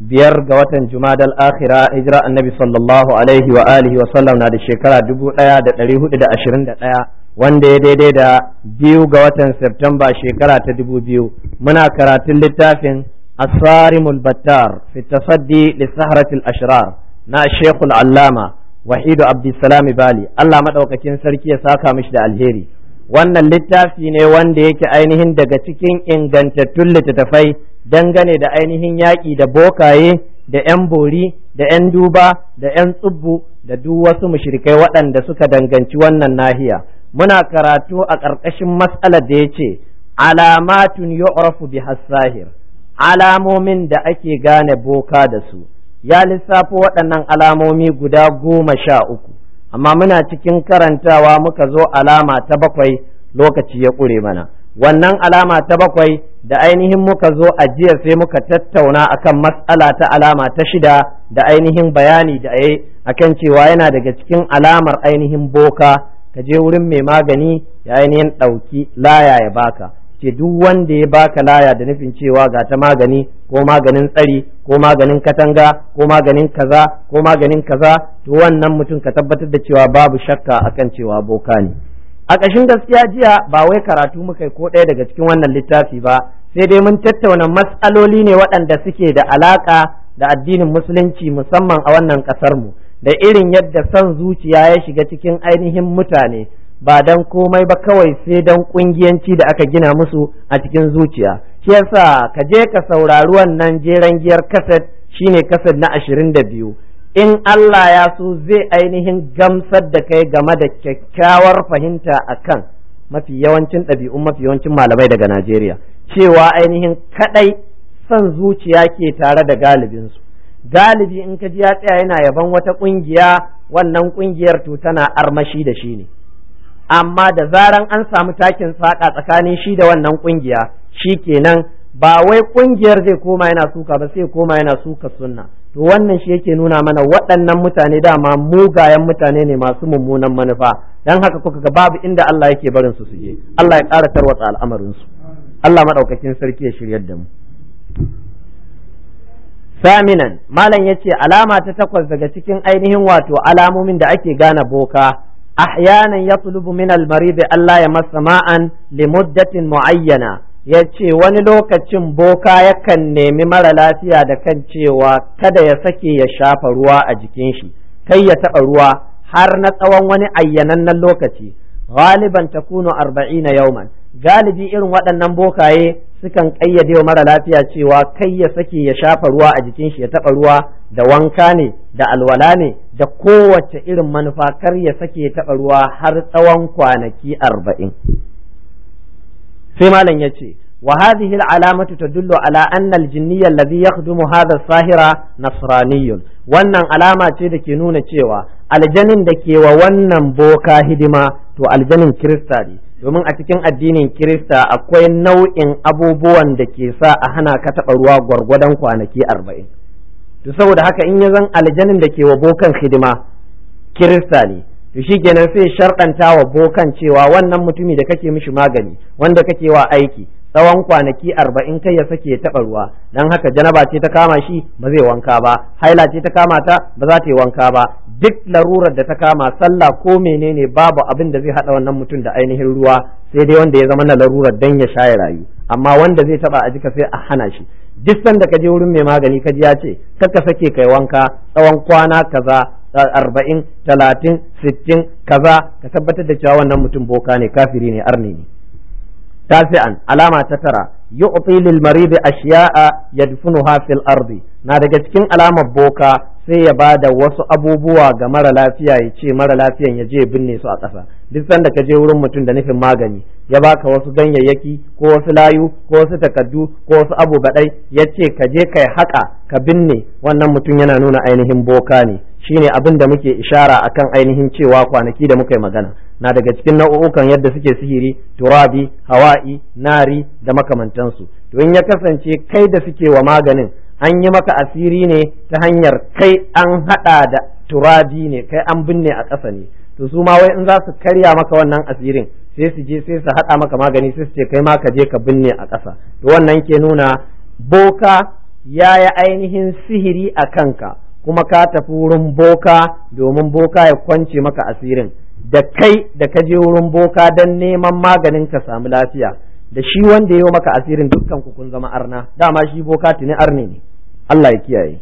biyar ga watan jumadal akhira hijira annabi sallallahu alaihi wa alihi wa sallam na da shekara dubu daya da dari hudu da ashirin da daya wanda ya daidai da biyu ga watan septemba shekara ta dubu biyu muna karatun littafin asarimul battar fi tasaddi li saharatil ashrar na shekul allama wahidu abdulsalam bali allah madaukakin sarki ya saka mishi da alheri wannan littafi ne wanda yake ainihin daga cikin ingantattun littattafai dangane da ainihin yaƙi da bokaye da 'yan bori da 'yan duba da 'yan tsubbu da duk wasu mushrikai waɗanda suka danganci wannan nahiya muna karatu a ƙarƙashin matsalar da ya ce alamatun yu'rafu bi hassahir alamomin da ake gane boka da su ya lissafo waɗannan alamomi guda goma sha uku amma muna cikin karantawa muka zo alama ta bakwai lokaci ya ƙure mana wannan alama ta bakwai da ainihin muka zo a jiya sai muka tattauna akan matsala ta alama ta shida da ainihin bayani da a akan cewa yana daga cikin alamar ainihin boka ka je wurin mai magani ya ainihin ɗauki laya ya baka ce duk wanda ya baka laya da nufin cewa ga ta magani ko maganin tsari ko maganin katanga ko maganin kaza ko maganin kaza to wannan mutum ka tabbatar da cewa babu shakka akan cewa boka ne a ƙashin gaskiya jiya ba wai karatu muka yi ko ɗaya daga cikin wannan littafi ba sai dai mun tattauna matsaloli ne waɗanda suke da alaƙa da addinin musulunci musamman a wannan ƙasar mu da irin yadda son zuciya ya shiga cikin ainihin mutane ba dan komai ba kawai sai dan ƙungiyanci da aka gina musu a cikin zuciya shi yasa ka je ka saurari wannan jeren giyar kaset shine kaset na ashirin da biyu in Allah ya so zai ainihin gamsar da kai game da kyakkyawar fahimta a kan mafi yawancin ɗabi'un mafi yawancin malamai daga Najeriya cewa ainihin kaɗai son zuciya ke tare da galibinsu galibi in ka ji ya tsaya yana yaban wata ƙungiya wannan ƙungiyar to tana armashi da shi ne amma da zaran an samu takin saƙa tsakanin shi da wannan ƙungiya shi kenan ba wai kungiyar zai koma yana suka ba sai koma yana suka sunna to wannan shi yake nuna mana waɗannan mutane dama mugayen mutane ne masu mummunan manufa dan haka kuka ga babu inda Allah yake barin su suje Allah ya ƙara tarwatsa al'amarin su Allah madaukakin sarki ya shiryar da mu saminan malam yace alama ta takwas daga cikin ainihin wato alamomin da ake gane boka ahyanan yatlubu min al-marid Allah ya masa ma'an li muayyana ya ce wani lokacin boka yakan nemi mara lafiya da kan cewa kada ya sake ya shafa ruwa a jikin shi kai ya taɓa ruwa har na tsawon wani ayyanannen lokaci galiban takunu arba'ina yauman galibi irin waɗannan bokaye sukan ƙayyade wa mara lafiya cewa kai ya sake ya shafa ruwa a jikin shi ya taɓa ruwa da wanka ne da alwala ne da kowace irin manufa kar ya sake ya taɓa ruwa har tsawon kwanaki arba'in sai malam ya ce wa hadhihi al-alamatu tadullu ala anna al-jinniyya alladhi yakhdumu hadha sahira nasraniyyun wannan alama ce da ke nuna cewa aljanin da ke wa wannan boka hidima to aljanin kirista ne domin a cikin addinin kirista akwai nau'in abubuwan da ke sa a hana ka taɓa ruwa gwargwadon kwanaki arba'in to saboda haka in ya zan aljanin da ke wa bokan hidima kirista ne to kenan sai sharɗanta wa bokan cewa wannan mutumi da kake mishi magani wanda kake wa aiki tsawon kwanaki arba'in kai ya sake taɓa ruwa don haka janaba ce ta kama shi ba zai wanka ba haila ce ta kama ta ba za ta yi wanka ba duk larurar da ta kama sallah ko menene babu abin da zai haɗa wannan mutum da ainihin ruwa sai dai wanda ya zama na larurar dan ya sha ya rayu amma wanda zai taɓa a jika sai a hana shi duk sanda ka je wurin mai magani ka ji ya ce kakka sake kai wanka tsawon kwana kaza arba'in talatin sittin kaza ka tabbatar da cewa wannan mutum boka ne kafiri ne arni ne tasi'an alama ta tara yu'ti lil marid ashiya'a yadfunuha fil ardi na daga cikin alamar boka sai ya bada wasu abubuwa ga mara lafiya ya ce mara lafiyan ya je binne su a ƙasa duk sanda ka je wurin mutum da nufin magani ya baka wasu ganyayyaki ko wasu layu ko wasu takaddu ko wasu abu baɗai ya ce ka je kai haƙa ka binne wannan mutum yana nuna ainihin boka ne shine abin da muke ishara a kan ainihin cewa kwanaki da muka yi magana na daga cikin nau'ukan yadda suke sihiri turabi hawa'i nari da makamantansu to in ya kasance kai da suke wa maganin an yi maka asiri ne ta hanyar kai an hada da turabi ne kai an binne a ƙasa ne to su ma wai in za su karya maka wannan asirin sai su je sai su hada maka magani sai su ce kai ma ka je ka binne a ƙasa to wannan ke nuna boka yaya ainihin sihiri a kanka kuma ka tafi wurin boka domin boka ya kwance maka asirin da kai da ka je wurin boka don neman maganin ka samu lafiya da shi wanda ya yi maka asirin dukkan ku kun zama arna dama shi boka tuni arne ne Allah ya kiyaye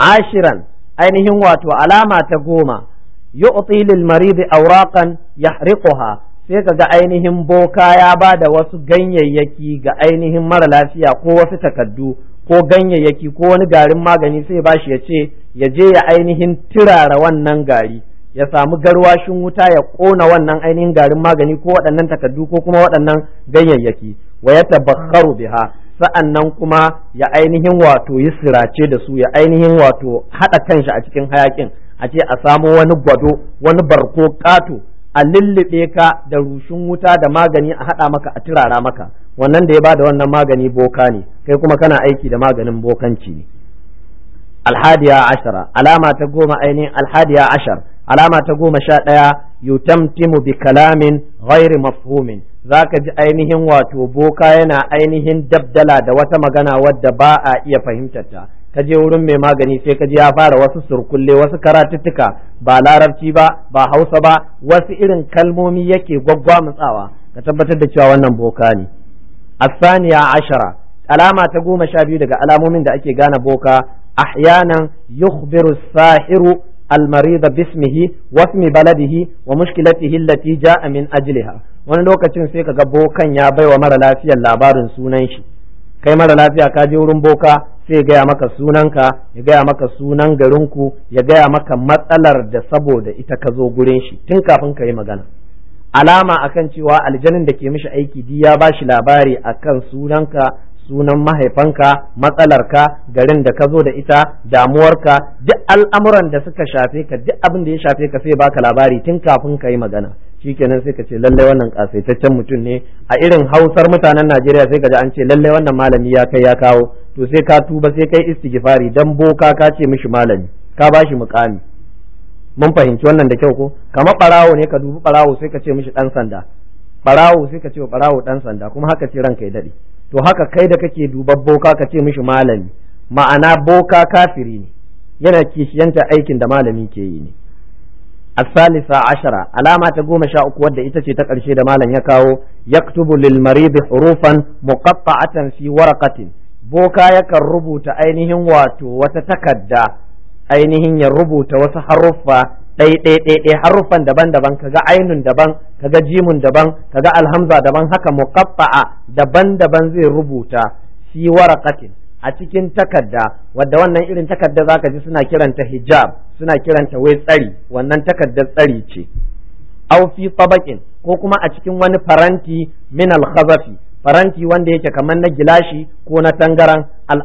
ashiran ainihin wato alama ta goma yu'ti lil marid awraqan yahriquha sai kaga ainihin boka ya ba da wasu ganyayyaki ga ainihin mara lafiya ko wasu takaddu ko ganyayyaki ko wani garin magani sai bashi ya ce ya je ya ainihin turara wannan gari ya samu garwashin wuta ya kona wannan ainihin garin magani ko waɗannan takardu ko kuma waɗannan ganyayyaki wa ya tabakkaru biha sa'annan kuma ya ainihin wato yi sirace da su ya ainihin wato haɗa kanshi a cikin hayakin a ce a samo wani gwado wani barko ƙato a lullube ka da rushin wuta da magani a haɗa maka a turara maka wannan da ya ba da wannan magani boka ne kai kuma kana aiki da maganin bokanci ne alhadiya ashara alama ta goma ainihin alhadiya ashar alama ta goma sha ɗaya yutamtimu bi kalamin ghairi mafhumin ka ji ainihin wato boka yana ainihin dabdala da wata magana wadda ba a iya fahimtar ka je wurin mai magani sai ka ji ya fara wasu surkulle wasu karatuttuka ba larabci ba ba hausa ba wasu irin kalmomi yake gwaggwamutsawa ka tabbatar da cewa wannan boka ne الثانية عشرة علامة تقوم شابي دقا علامة من دقا كان بوكا أحيانا يخبر الساحر المريض باسمه واسم بلده ومشكلته التي جاء من أجلها wani lokacin sai kaga bokan ya baiwa mara lafiyar labarin sunan shi kai mara lafiya ka je wurin boka sai ya gaya maka sunanka ya gaya maka sunan garinku ya gaya maka matsalar da saboda ita ka zo gurin shi tun kafin ka yi magana alama akan cewa aljanin da ke mishi aiki di ya bashi labari akan sunanka sunan mahaifanka matsalarka garin da ka zo da ita damuwarka duk al'amuran da suka shafe ka duk abin da ya shafe ka sai baka labari tun kafin ka yi magana shikenan sai ka ce lallai wannan kasaitaccen mutum ne a irin hausar mutanen Najeriya sai ka ji an ce lallai wannan malami ya kai ya kawo to sai ka tuba sai kai istighfari dan boka ka ce mishi malami ka bashi mukami mun fahimci wannan da kyau ko kamar barawo ne ka dubi barawo sai ka ce mishi dan sanda barawo sai ka ce barawo dan sanda kuma haka ce ranka ya dade to haka kai da kake duban boka ka ce mishi malami ma'ana boka kafiri ne yana kishiyanta aikin da malami ke yi ne الثالثة عشرة علامة تقوم شاء قوة إتشي تقرشي دمالا يكاو يكتب للمريض حروفا مقطعة في Boka yakan rubuta ainihin wato wata takarda. ainihin ya rubuta wasu haruffa ɗai haruffan daban-daban kaga ainun daban kaga jimun daban kaga alhamza daban haka muqaffa'a daban-daban zai rubuta fi waraqatin a cikin takarda wadda wannan irin takarda zaka ji suna kiranta hijab suna kiranta wai tsari wannan takardar tsari ce aw fi tabaqin ko kuma a cikin wani faranti min al faranti wanda yake kamar na gilashi ko na tangaran al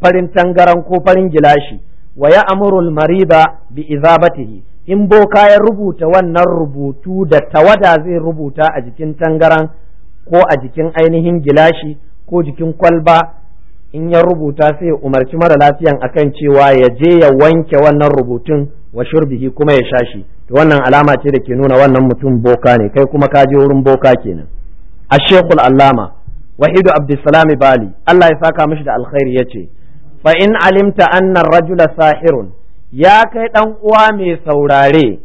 farin tangaran ko farin gilashi wa ya amurul mariba bi izabatihi in boka ya rubuta wannan rubutu da tawada zai rubuta a jikin tangaran ko a jikin ainihin gilashi ko jikin kwalba in ya rubuta sai ya umarci mara lafiyan akan cewa ya je ya wanke wannan rubutun wa shurbihi kuma ya sha shi, to wannan alama ce da ke nuna wannan mutum boka ne kai kuma ka je wurin boka kenan shekul allama wahidu abdulsalam bali Allah ya saka mishi da alkhairi ya ce. fa in alimta anna rajula sahirun ya kai dan uwa mai saurare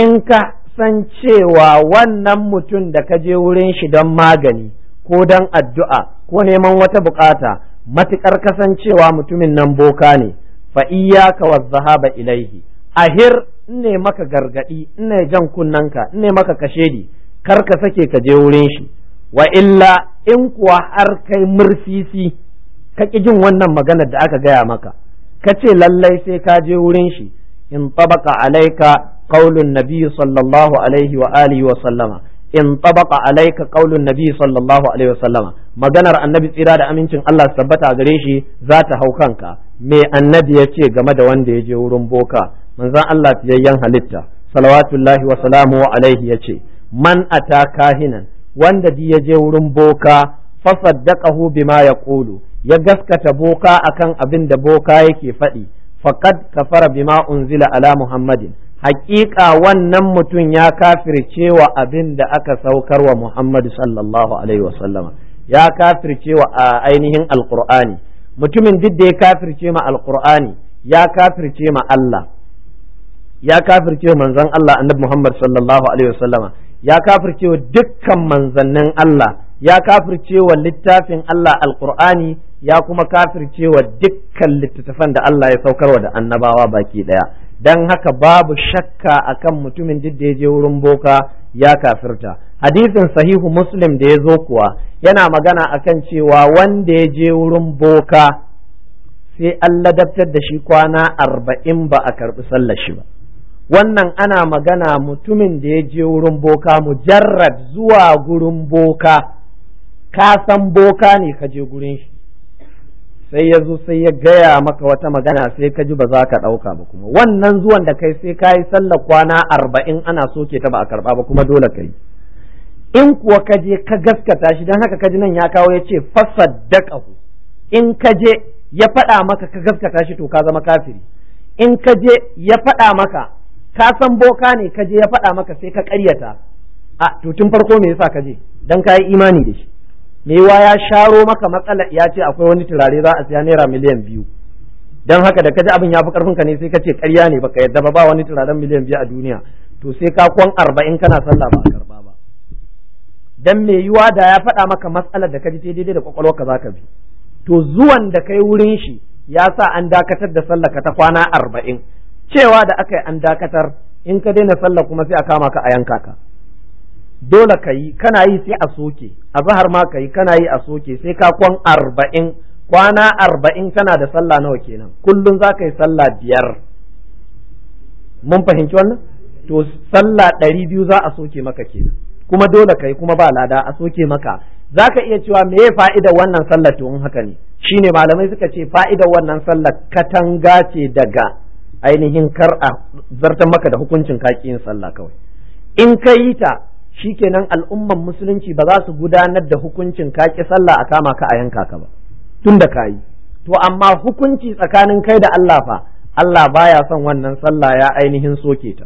in ka san cewa wannan mutum da ka je wurin shi don magani ko don addu'a ko neman wata bukata matuƙar kasancewa mutumin nan boka ne fa iyyaka wa zahaba ilaihi ahir ne maka gargadi ne jan kunnanka ne maka kashedi kar ka sake ka je wurin shi wa illa in kuwa har kai mursisi. ka ƙi jin wannan maganar da aka gaya maka ka ce lallai sai ka je wurin shi in tabaka alaika qaulun nabi sallallahu alaihi wa alihi wa sallama in tabaka alaika qaulun nabi sallallahu alaihi wa sallama maganar annabi tsira da amincin Allah su tabbata gare shi za ta hau kanka me annabi ya ce game da wanda ya je wurin boka manzon Allah fiyayyen halitta salawatullahi wa salamu alaihi ya ce man ata kahinan wanda di ya je wurin boka fasaddaqahu bima yaqulu ya gaskata boka akan abin da boka yake faɗi faqad kafara bima unzila ala muhammadin haƙiƙa wannan mutum ya kafirce wa abin da aka saukar wa muhammadu sallallahu alaihi wasallama ya kafirce wa ainihin alqur'ani mutumin duk da ya kafirce ma alqur'ani ya kafirce ma Allah ya kafirce wa manzon Allah annabi Muhammad sallallahu alaihi wasallama ya kafirce wa dukkan manzannin Allah ya kafirce wa littafin Allah Alkur'ani ya kuma kafirce wa dukkan littattafan da Allah ya saukarwa da annabawa baki ɗaya. Don haka babu shakka akan mutumin duk da ya je wurin boka ya kafirta hadisin sahihu muslim da ya zo kuwa yana magana a kan cewa wanda ya je wurin boka sai an ladabtar da shi kwana arba'in ba a karɓi sallar shi ba wannan ana magana mutumin da ya je wurin boka mujarrad zuwa gurin boka ka san boka ne ka je gurin shi sai ya zo sai ya gaya maka wata magana sai ka ji ba za ka ɗauka ba kuma wannan zuwan da kai sai ka yi sallar kwana arba'in ana soke ta ba a karɓa ba kuma dole ka yi in kuwa ka je ka gaskata shi don haka ka ji nan ya kawo ya ce fasaddaqahu in ka je ya faɗa maka ka gaskata shi to ka zama kafiri in ka je ya faɗa maka ka san boka ne ka je ya faɗa maka sai ka ƙaryata a to farko me yasa ka je Don ka yi imani da shi mewa ya sharo maka matsala ya ce akwai wani turare za a siya naira miliyan biyu don haka da kaji abin ya fi karfin ka ne sai ka ce karya ne baka yadda ba ba wani turaren miliyan biyu a duniya to sai ka kwan arba'in kana sallah ba a karba ba don me yiwa da ya faɗa maka matsalar da kaji sai daidai da za ka ka bi to zuwan da kai wurin shi ya sa an dakatar da sallah ka ta kwana arba'in cewa da aka yi an dakatar in ka daina sallah kuma sai a kama ka a yanka ka dole ka yi kana yi sai a soke a zahar ma ka yi kana yi a soke sai ka kwan arba'in kwana arba'in kana da sallah nawa kenan kullum za ka yi sallah biyar mun fahimci wannan to sallah ɗari biyu za a soke maka kenan kuma dole ka yi kuma ba lada a soke maka za ka iya cewa me fa'ida wannan sallah to in haka ne shine malamai suka ce fa'idar wannan sallah katanga ce daga ainihin kar a zartar maka da hukuncin kaƙi yin sallah kawai in ka yi ta shikenan al'umman musulunci ba za su gudanar da hukuncin ka ki sallah a kama ka a yanka ka ba tun da kayi to amma hukunci tsakanin kai da Allah fa Allah baya son wannan sallah ya ainihin soke ta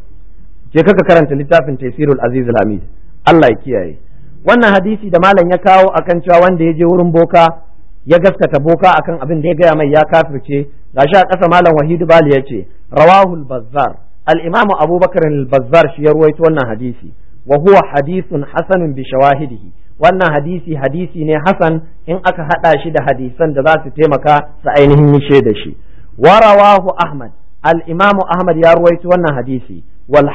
je kaka karanta littafin Tafsirul Aziz Al-Hamid Allah ya kiyaye wannan hadisi da malam ya kawo akan cewa wanda ya je wurin boka ya gaskata boka akan abin da ya gaya mai ya kafirce gashi a ƙasa malam Wahid Bali ya ce rawahul Bazzar al-Imam Abubakar al-Bazzar shi ya ruwaito wannan hadisi wa huwa hadithun hasanun bi shawahidihi wannan hadisi hadisi ne hasan in aka hada shi da hadisan da za su taimaka su ainihin yi da shi wa rawahu ahmad al-imamu ahmad ya ruwaito wannan hadisi wal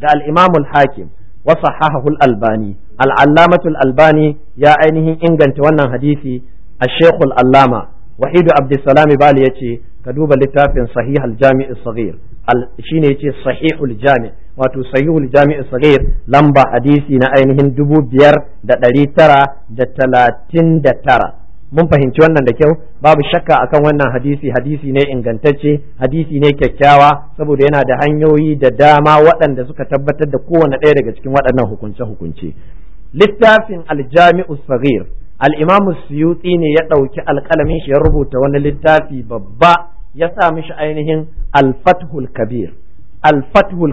da al-imamu al-hakim wa sahahahu albani al-allamatu al-albani ya ainihin inganta wannan hadisi ash-shaykh al-allama wahidu abdussalam bali yace ka duba littafin sahih al-jami' al saghir shine yace sahihul jami' wato sahihul jami' as-saghir lamba hadisi na ainihin 5939 mun fahimci wannan da kyau babu shakka akan wannan hadisi hadisi ne ingantacce hadisi ne kyakkyawa saboda yana da hanyoyi da dama waɗanda suka tabbatar da kowane ɗaya daga cikin waɗannan hukunce hukunce littafin aljami'u saghir al-imamu suyuti ne ya ɗauki alƙalamin shi ya rubuta wani littafi babba ya sa mishi ainihin al-fathul kabir al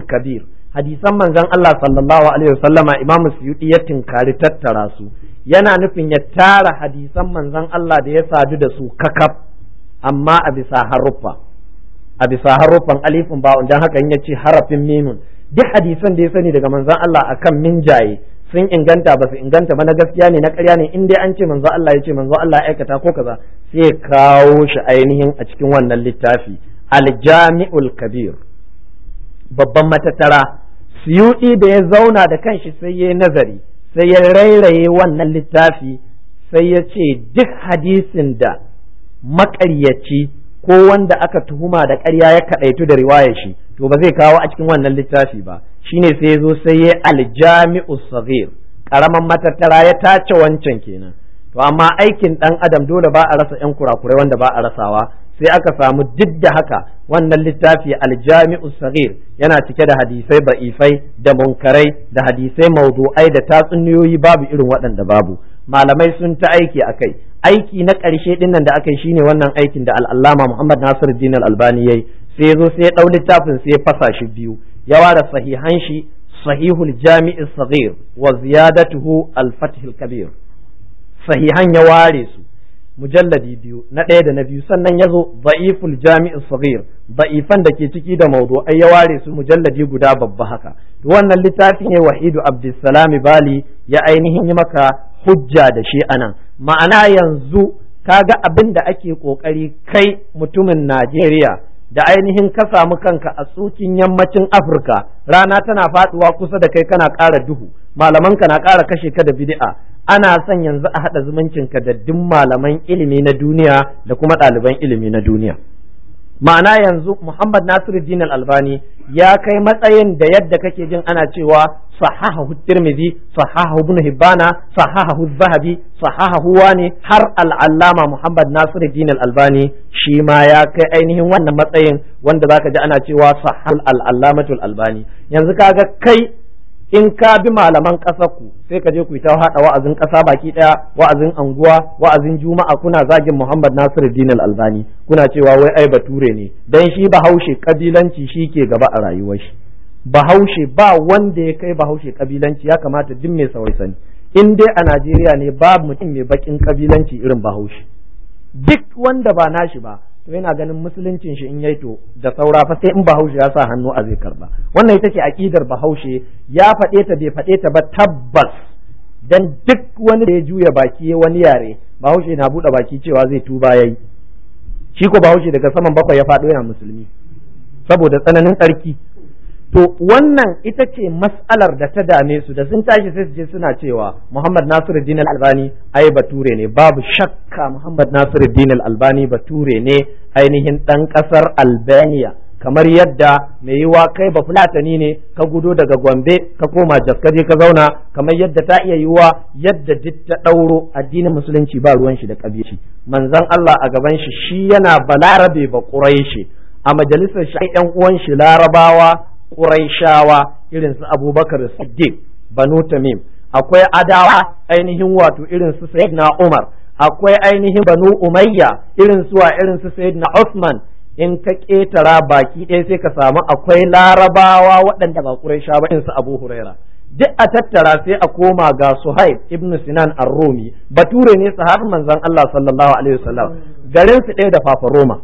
kabir hadisan manzon Allah sallallahu alaihi wasallama imamu suyuti ya tinkari tattara su yana nufin ya tara hadisan manzon Allah da ya sadu da su kakaf amma a bisa haruffa a bisa haruffan alifin ba'un dan haka in ya ce harafin mimun duk hadisan da ya sani daga manzon Allah akan minjaye sun inganta ba su inganta ba na gaskiya ne na ƙarya ne in dai an ce manzo Allah ya ce manzo Allah ya aikata ko kaza sai kawo shi ainihin a cikin wannan littafi aljami'ul kabir babban matattara suyuɗi da ya zauna da kanshi sai ya nazari sai ya rairaye wannan littafi sai ya ce duk hadisin da maƙaryaci ko wanda aka tuhuma da ƙarya ya kaɗaitu da riwayar shi to ba zai kawo a cikin wannan littafi ba shine sai zo sai ya aljami'u saghir karaman matattara ya tace wancan kenan to amma aikin dan adam dole ba a rasa yan kurakurai wanda ba a rasawa sai aka samu duk da haka wannan littafi aljami'u saghir yana cike da hadisai ba'ifai da munkarai da hadisai maudu'ai da tatsuniyoyi babu irin waɗanda babu malamai sun ta aiki a kai aiki na ƙarshe ɗinnan da aka yi shine wannan aikin da al'allama muhammad nasiruddin al-albani yayi sai ya zo sai ya ɗau littafin sai ya fasa shi biyu ya ware sahihan shi sahihul jami'i saghir wa ziyadatuhu al-fathil kabir sahihan ya ware su mujalladi biyu na ɗaya da na biyu sannan ya zo da'iful jami'i saghir da'ifan da ke ciki da ai ya ware su mujalladi guda babba haka to wannan littafin ne wahidu abdussalami bali ya ainihin yi maka hujja da shi anan ma'ana yanzu kaga abin da ake kokari kai mutumin Najeriya da ainihin ka samu kanka a tsukin yammacin Afirka rana tana faduwa kusa da kai kana ƙara duhu malaman ka na ƙara kashe ka da bid'a ana son yanzu a haɗa ka da duk malaman ilimi na duniya da kuma ɗaliban ilimi na duniya ma'ana yanzu Muhammad Nasiruddin Al-Albani ya kai matsayin da yadda kake jin ana cewa sahahahu tirmidhi sahahahu ibn hibbana sahahahu zahabi sahahahu wani har al'allama muhammad nasiruddin al-albani shi ma ya kai ainihin wannan matsayin wanda zaka ji ana cewa sahal al albani yanzu kaga kai in ka bi malaman kasar ku sai ka je ku ta haɗa wa'azin ƙasa baki ɗaya wa'azin anguwa wa'azin juma'a kuna zagin Muhammad Nasiru Dinal Albani kuna cewa wai ai bature ne dan shi bahaushe kabilanci shi ke gaba a rayuwar shi bahaushe ba wanda ya kai bahaushe kabilanci ya kamata duk mai sauri sani in dai a Najeriya ne ba mutum mai bakin kabilanci irin bahaushe duk wanda ba nashi ba to yana ganin musuluncin shi in yayi to da saura fa sai in bahaushe ya sa hannu a zai karba wannan ita ce akidar bahaushe ya faɗe ta bai faɗe ta ba tabbas dan duk wani da ya juya baki ya wani yare bahaushe na buɗe baki cewa zai tuba yayi shi ko bahaushe daga saman bakwai ya faɗo yana musulmi saboda tsananin tsarki to wannan ita ce mas'alar da ta dame su da sun tashi sai su je suna cewa Muhammad Nasiruddin Al-Albani ai bature ne babu shakka Muhammad Nasiruddin Al-Albani bature ne ainihin dan kasar Albania kamar yadda mai wa kai ba fulatani ne ka gudo daga Gombe ka koma Jaskaje ka zauna kamar yadda ta iya yiwa yadda duk ta dauro addinin musulunci ba ruwan shi da kabici manzon Allah a gaban shi shi yana balarabe ba Quraishi a majalisar shi 'yan uwan shi Larabawa ƙuraishawa irin su Abubakar Siddiq Banu Tamim akwai Adawa ainihin wato irin su Sayyidina Umar akwai ainihin Banu Umayya irin su irin su Sayyidina osman in ka ƙetara baki ɗaya sai ka samu akwai larabawa waɗanda ba Qurayshawa irin su Abu Huraira duk a tattara sai a koma ga Suhaib ibn Sinan ar-Rumi bature ne sahabin manzon Allah sallallahu alaihi wasallam garin su ɗaya da fafa Roma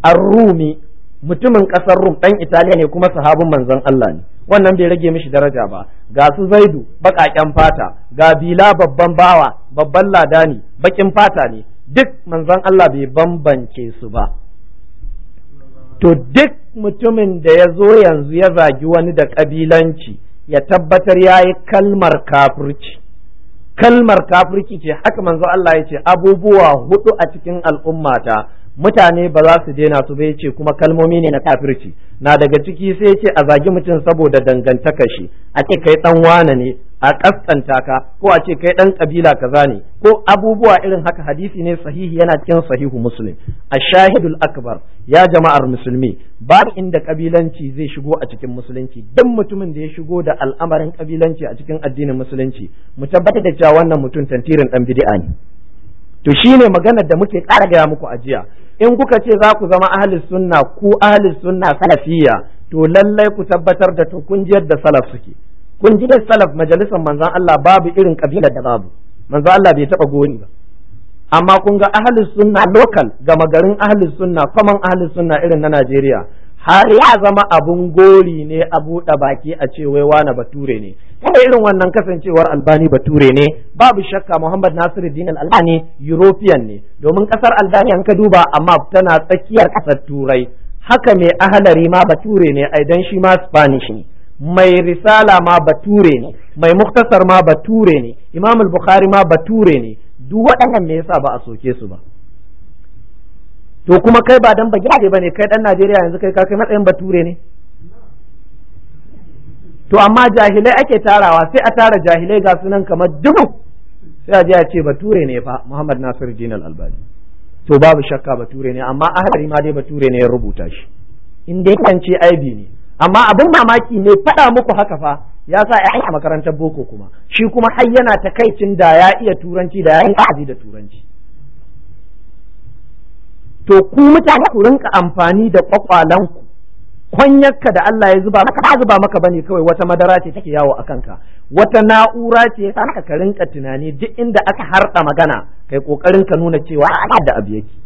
ar-Rumi mutumin ƙasar Rum ɗan Italiya ne kuma sahabin manzon Allah ne wannan bai rage mishi daraja ba ga su Zaidu baƙaƙen fata ga Bila babban bawa babban lada ne baƙin fata ne duk manzon Allah bai bambance su ba to duk mutumin da ya zo yanzu ya zagi wani da ƙabilanci ya tabbatar ya yi kalmar kafirci kalmar kafirci ce haka manzo Allah ya ce abubuwa hudu a cikin al'ummata mutane ba za su daina su bai ce kuma kalmomi ne na kafirci na daga ciki sai ce a zagi mutum saboda dangantaka shi a ce kai dan wane ne a kaskanta ka ko a ce kai dan kabila kaza ne ko abubuwa irin haka hadisi ne sahihi yana cikin sahihu muslim a shahidul akbar ya jama'ar musulmi babu inda kabilanci zai shigo a cikin musulunci duk mutumin da ya shigo da al'amarin kabilanci a cikin addinin musulunci mu tabbata da cewa wannan mutum tantirin dan bid'a ne to shine maganar da muke kara gaya muku a jiya in kuka ce za ku zama ahli sunna ku ahli sunna salafiyya to lallai ku tabbatar da to kun da salaf suke kun ji da salaf majalisar manzon Allah babu irin kabilar da babu manzon Allah bai taba goni ba amma kun ga ahli sunna local gama garin ahli sunna kaman ahli sunna irin na Najeriya har ya zama abun gori ne a buɗe baki a ce wai wani bature ne kada irin wannan kasancewar albani bature ne babu shakka muhammad nasiru nasiruddin albani european ne domin kasar albani an ka duba amma tana tsakiyar kasar turai haka mai ahalari ma bature ne ai dan shi ma spanish ne mai risala ma bature ne mai muktasar ma bature ne imam bukhari ma bature ne duk waɗannan me yasa ba a soke su ba to kuma kai ba dan ba ne kai dan najeriya yanzu kai ka kai matsayin bature ne to amma jahilai ake tarawa sai a tara jahilai ga sunan kamar dubu sai a je a ce bature ne fa Muhammad Nasir Jinal Albani to babu shakka bature ne amma hadari ma dai bature ne ya rubuta shi in dai kan ce aibi ne amma abin mamaki ne faɗa muku haka fa ya sa ai a makarantar boko kuma shi kuma har yana takaicin da ya iya turanci da ya yi azi da turanci to ku mutane ku rinka amfani da kwakwalanku kwanyarka da Allah ya zuba maka ba zuba maka bane kawai wata madara ce take yawo a kanka wata na'ura ce ta ka rinka tunani duk inda aka harɗa magana kai kokarin ka nuna cewa da abu yake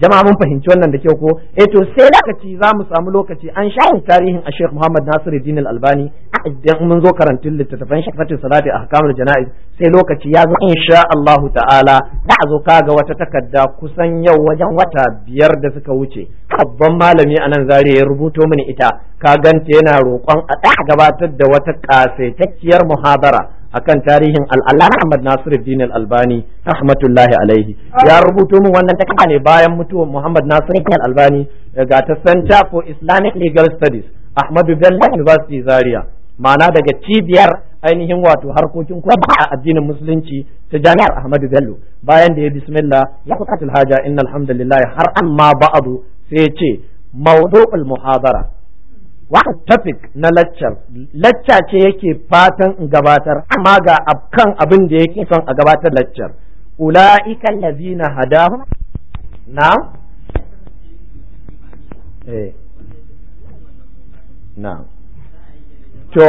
jama'a mun fahimci wannan da kyau ko eh to sai lokaci za mu samu lokaci an sharhi tarihin a Sheikh Muhammad Nasiruddin Al-Albani a idan mun zo karantun littattafan shafatin salati a hakamul jana'iz sai lokaci ya zo insha Allahu ta'ala da a zo kaga wata takarda kusan yau wajen wata biyar da suka wuce babban malami a nan zare ya rubuto mini ita ka ganta yana roƙon a gabatar da wata kasaitacciyar muhabara akan tarihin al'allah Ahmad Nasiruddin Al-Albani rahmatullahi alaihi ya rubuto min wannan takarda ne bayan mutuwar Muhammad Nasiruddin Al-Albani daga ta Center for Islamic Legal Studies Ahmadu Bello University Zaria ma'ana daga cibiyar ainihin wato harkokin kwaba a addinin musulunci ta jami'ar Ahmadu Bello bayan da ya bismillah ya kuka haja innal hamdalillah har amma ba'adu sai ya ce mawdu'ul muhadara topic na laccar lacca ce yake fatan in gabatar amma ga kan abin da yake son a gabatar laccar ula'ika allazina hadahum na eh. na to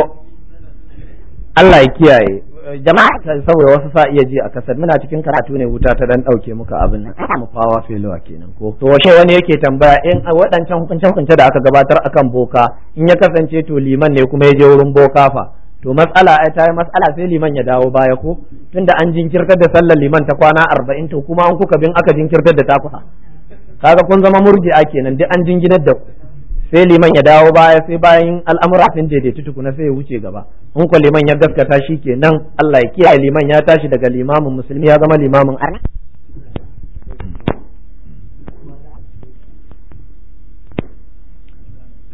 Allah ya kiyaye jama'a ta saboda wasu sa iya ji a kasar muna cikin karatu ne wuta ta dan dauke muka abin nan mu fawa felowa kenan ko to washe wani yake tambaya in waɗancan hukunce hukunce da aka gabatar akan boka in ya kasance to liman ne kuma ya je wurin boka fa to matsala ai tayi matsala sai liman ya dawo baya ko tunda an jinkirtar da sallar liman ta kwana arba'in to kuma an kuka bin aka jinkirtar da ta kaga kun zama murji'a kenan duk an jinginar da ku sai liman ya dawo baya sai bayan al'amura sun daidaitu tukuna sai ya wuce gaba in ko liman ya gaskata shi ke nan Allah ya kiyaye liman ya tashi daga limamin musulmi ya zama limamin ana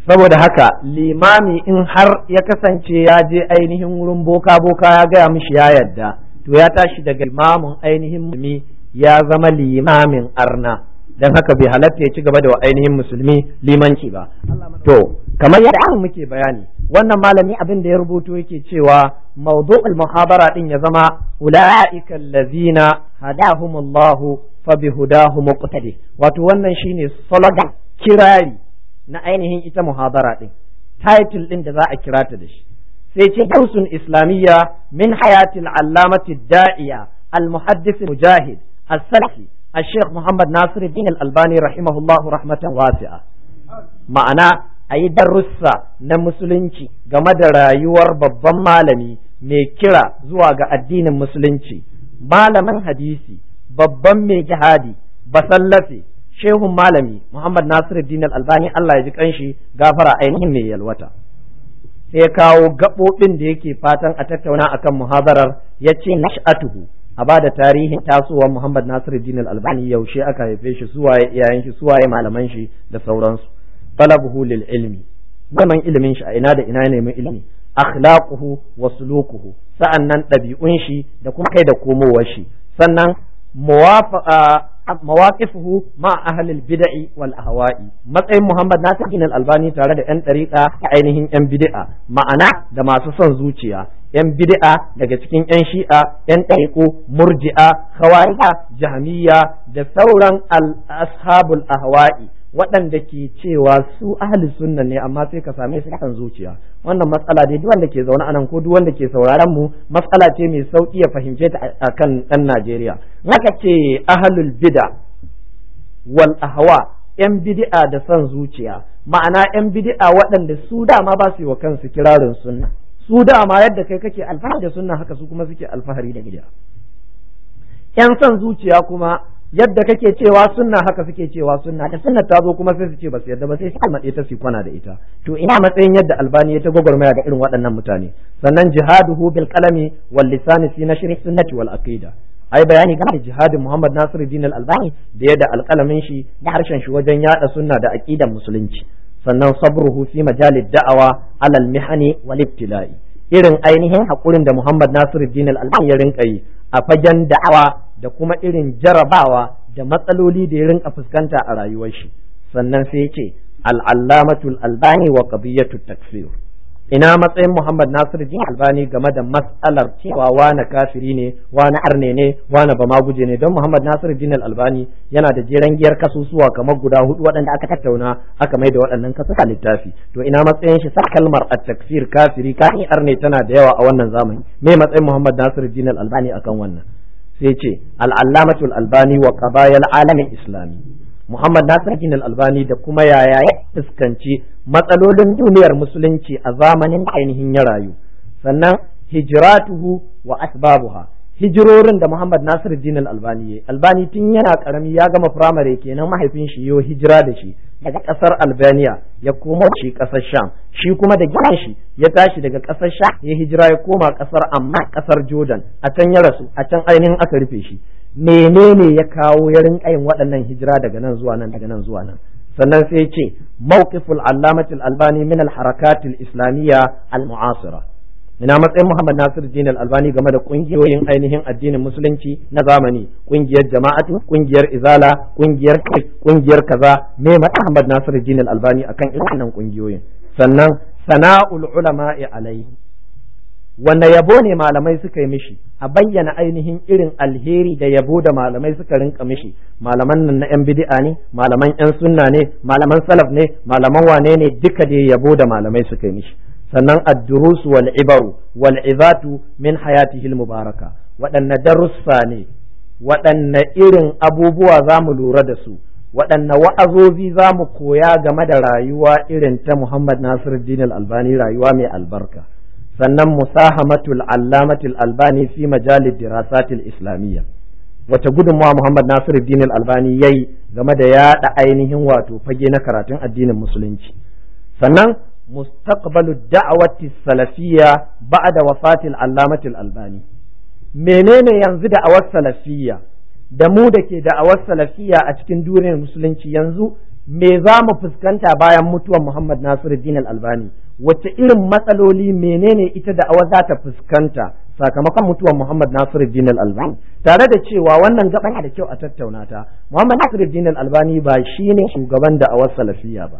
saboda haka limami in har ya kasance ya je ainihin wurin boka boka ya gaya mishi ya yadda to ya tashi daga limamin ainihin musulmi ya zama limamin arna dan haka bai halatta ya ci gaba da ainihin musulmi limanci ba to kamar yadda an muke bayani wannan malami abin da ya rubuto yake cewa mawdu'ul muhabara din ya zama ulaika allazina hadahumullahu fabihudahu muqtadi wato wannan shine slogan kirari na ainihin ita muhabara din title din da za a kira ta da shi sai ce dausun islamiyya min hayatil allamati da'iya al muhaddis mujahid as-salafi الشيخ محمد ناصر الدين الألباني رحمه الله رحمة واسعة ma'ana a yi darussa na musulunci game da rayuwar babban malami mai kira zuwa ga addinin musulunci malamin hadisi babban mai jihadi basallafi shehun malami muhammad nasiruddin albani allah ya ji kanshi gafara ainihin mai yalwata sai kawo gaɓoɓin da yake fatan a tattauna akan muhazarar ya ce nash'atuhu a ba da tarihin tasowar Muhammad Nasiruddin Al-Albani yaushe aka haife shi suwaye iyayen shi suwaye malaman shi da sauransu talabuhu lil ilmi zaman ilimin shi a ina da ina neman ilimi akhlaquhu wa sulukuhu sa'annan ɗabi'un shi da kuma kai da komowar shi sannan muwafaqa mawaqifuhu ma ahlil bid'i wal ahwa'i matsayin Muhammad Nasiruddin Al-Albani tare da yan a ainihin yan bid'a ma'ana da masu son zuciya yan bid'a daga cikin yan shi'a yan dariqo murji'a khawarija jahmiya da sauran al ashabul ahwa'i waɗanda ke cewa su ahli sunna ne amma sai ka same su kan zuciya wannan matsala dai duk wanda ke zaune anan ko duk wanda ke sauraron mu matsala ce mai sauki ya fahimce ta a kan ɗan Najeriya haka ce ahlul bid'a wal ahwa yan bid'a da san zuciya ma'ana yan bid'a waɗanda su dama ba su yi wa kansu kirarin sunna su dama yadda kai kake alfahari da sunna haka su kuma suke alfahari da bid'a yan san zuciya kuma yadda kake cewa sunna haka suke cewa sunna da sunna ta zo kuma sai su ce ba su yadda ba sai su matsayi ta su kwana da ita to ina matsayin yadda albani ya ta gwagwarmaya ga irin waɗannan mutane sannan jihaduhu bil qalami wal lisani fi nashri sunnati wal aqida ai bayani game da jihadin Muhammad Nasiruddin al-Albani da yadda alƙalamin shi da harshen shi wajen yada sunna da aqidan musulunci sannan sabruhu fi majalid da'awa alal mihani wal ibtila'i irin ainihin hakurin da Muhammad Nasiruddin al-Albani ya rinka yi a fagen da'awa da kuma irin jarabawa da matsaloli da ya rinka fuskanta a rayuwar shi sannan sai ya ce al'allamatul albani wa qadiyatul takfir ina matsayin Muhammad Nasir jin albani game da matsalar cewa wani kafiri ne wani arne ne wani bama guje ne don Muhammad Nasir jin albani yana da jeren giyar kasusuwa kamar guda hudu waɗanda aka tattauna aka mai da waɗannan kasuka littafi to ina matsayin shi sa kalmar a takfir kafiri kahin arne tana da yawa a wannan zamani me matsayin Muhammad Nasir jin albani akan wannan sai ce al'allamatul albani wa qabayal alamin islami muhammad nasiruddin al-albani da kuma yaya ya fuskanci matsalolin duniyar musulunci a zamanin ainihin ya rayu sannan hijratuhu wa asbabuha hijirorin da Muhammad Nasiruddin Al-Albani yayi Albani tun yana karami ya gama firamare kenan mahaifin shi yo hijira da shi daga kasar Albania ya koma shi kasar Sham shi kuma da gidan shi ya tashi daga kasar Sham ya hijira ya koma kasar amma kasar Jordan a can ya rasu a can ainihin aka rufe shi menene ya kawo ya rinka yin waɗannan hijira daga nan zuwa nan daga nan zuwa nan sannan sai ce mawqiful allamatil albani min al harakatil islamiyya al mu'asira ina matsayin Muhammad Nasir al Albani game da ƙungiyoyin ainihin addinin musulunci na zamani ƙungiyar jama'atu ƙungiyar izala kungiyar kungiyar kaza me Muhammad Nasir Dinal Albani akan irin kungiyoyin sannan sana'ul ulama ulama'i alaihi wanne yabo ne malamai suka yi mishi a bayyana ainihin irin alheri da yabo da malamai suka rinka mishi malaman nan na yan bid'a ne malaman yan sunna ne malaman salaf ne malaman wane ne duka da yabo da malamai suka yi mishi sannan ad wal ibaru wal min hayati al waɗanne darussa ne waɗanne irin abubuwa za mu lura da su waɗanne wa'azozi za mu koya game da rayuwa irin ta Muhammad Nasiruddin al-Albani rayuwa mai albarka sannan musahamatul allamatul albani fi majalid dirasatil islamiyya wata gudunmawa Muhammad Nasiruddin al-Albani yayi game da yaɗa ainihin wato fage na karatun addinin musulunci sannan mustaqbalu da'awati salafiyya ba'da wafatil allamatil albani menene yanzu da'awar salafiyya da mu da ke da'awar salafiyya a cikin duniyar musulunci yanzu me za mu fuskanta bayan mutuwar Muhammad Nasiruddin Al-Albani wacce irin matsaloli menene ita da'awar za ta fuskanta sakamakon mutuwar Muhammad Nasiruddin Al-Albani tare da cewa wannan gaban da kyau a tattauna ta Muhammad Nasiruddin Al-Albani ba shine shugaban da'awar salafiyya ba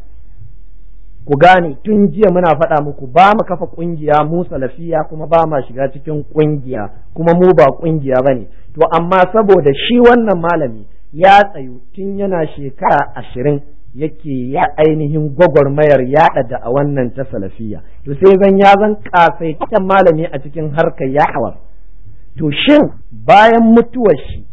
ku gane tun jiya muna faɗa muku ba mu kafa ƙungiya mu salafiya kuma ba ma shiga cikin ƙungiya kuma mu ba ƙungiya ba ne to amma saboda shi wannan malami ya tsayu tun yana shekara ashirin yake ya ainihin gwagwarmayar yaɗa da a wannan ta salafiya to sai zan ya zan kasaitaccen malami a cikin harkar yawar to shin bayan mutuwar shi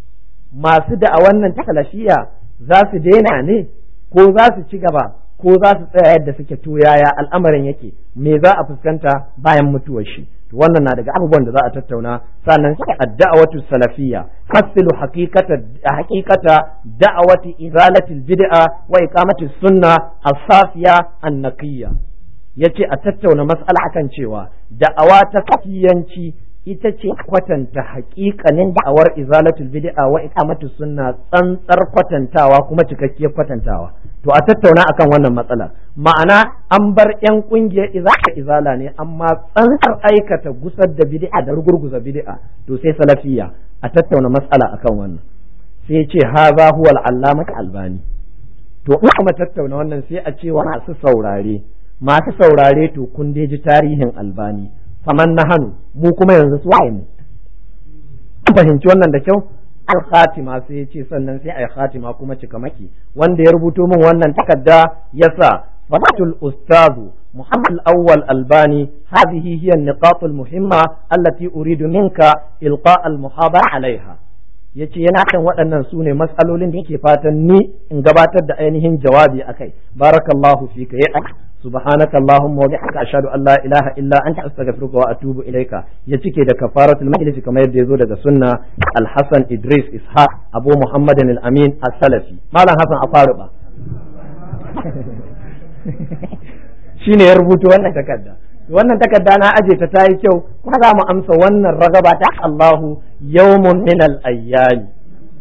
masu da a wannan ta salafiya za su daina ne ko za su ci gaba ko za su tsaya yadda suke to yaya al'amarin yake me za a fuskanta bayan mutuwar shi to wannan na daga abubuwan da za a tattauna sannan sai ad-da'watu salafiyya tasilu haqiqata haqiqata da'wati izalati al-bid'a wa iqamati sunna as-safiya an-naqiyya yace a tattauna mas'ala akan cewa da'awa ta kafiyanci ita ce kwatanta haƙiƙanin da'awar izalatul bid'a wa iqamatus sunna tsantsar kwatantawa kuma cikakkiyar kwatantawa to a tattauna akan wannan matsala, ma'ana an bar yan kungiyar izala izala ne amma tsantsar aikata gusar da bid'a da rugurguza bid'a to sai salafiya a tattauna matsala akan wannan sai ce haza huwa al albani to in kuma tattauna wannan sai a ce masu saurare masu saurare to kun dai ji tarihin albani faman na hannu mu kuma yanzu su mu fahimci wannan da kyau al khatima sai yace sannan sai ai khatima kuma cikamaki wanda ya rubuto min wannan takarda yasa fadatul ustazu محمد الأول albani هذه هي muhimma المهمة التي أريد منك إلقاء المحاضرة alaiha yace yana kan waɗannan su ne matsalolin da yake fatan ni in gabatar da ainihin jawabi akai barakallahu fika ya subhanaka allahumma wa bihamdika ashhadu an la ilaha illa atubu ilaika ya cike da kafaratul majlis kamar yadda yazo daga sunna al idris ishaq abu muhammadin al-amin as-salafi malam hasan afaruba shine ya rubuta wannan takarda wannan takarda na ajiye ta tayi kyau kuma za mu amsa wannan ragaba ta Allahu yawmun min al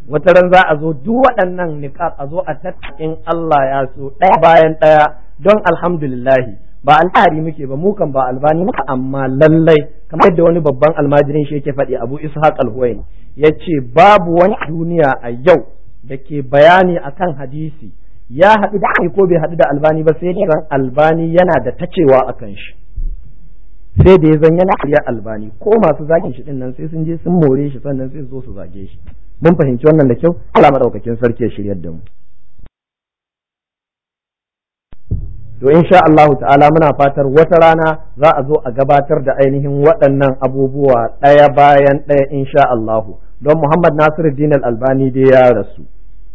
wata ran za a zo duk waɗannan niqab a zo a tattin Allah ya so ɗaya bayan ɗaya don alhamdulillahi ba alhari muke ba mu kan ba albani muka amma lallai kamar yadda wani babban almajirin shi yake faɗi abu ishaq alhuwaini ya ce babu wani duniya a yau da ke bayani akan hadisi ya haɗu da ko bai haɗu da albani ba sai ran albani yana da tacewa kan shi sai da ya zan yana kariya albani ko masu zagin shi din nan sai sun je sun more shi sannan sai zo su zage shi mun fahimci wannan da kyau Allah madaukakin sarki ya shiryar da mu to insha Allah ta'ala muna fatar wata rana za a zo a gabatar da ainihin waɗannan abubuwa ɗaya bayan ɗaya insha Allah don Muhammad Nasiru dinal albani dai ya rasu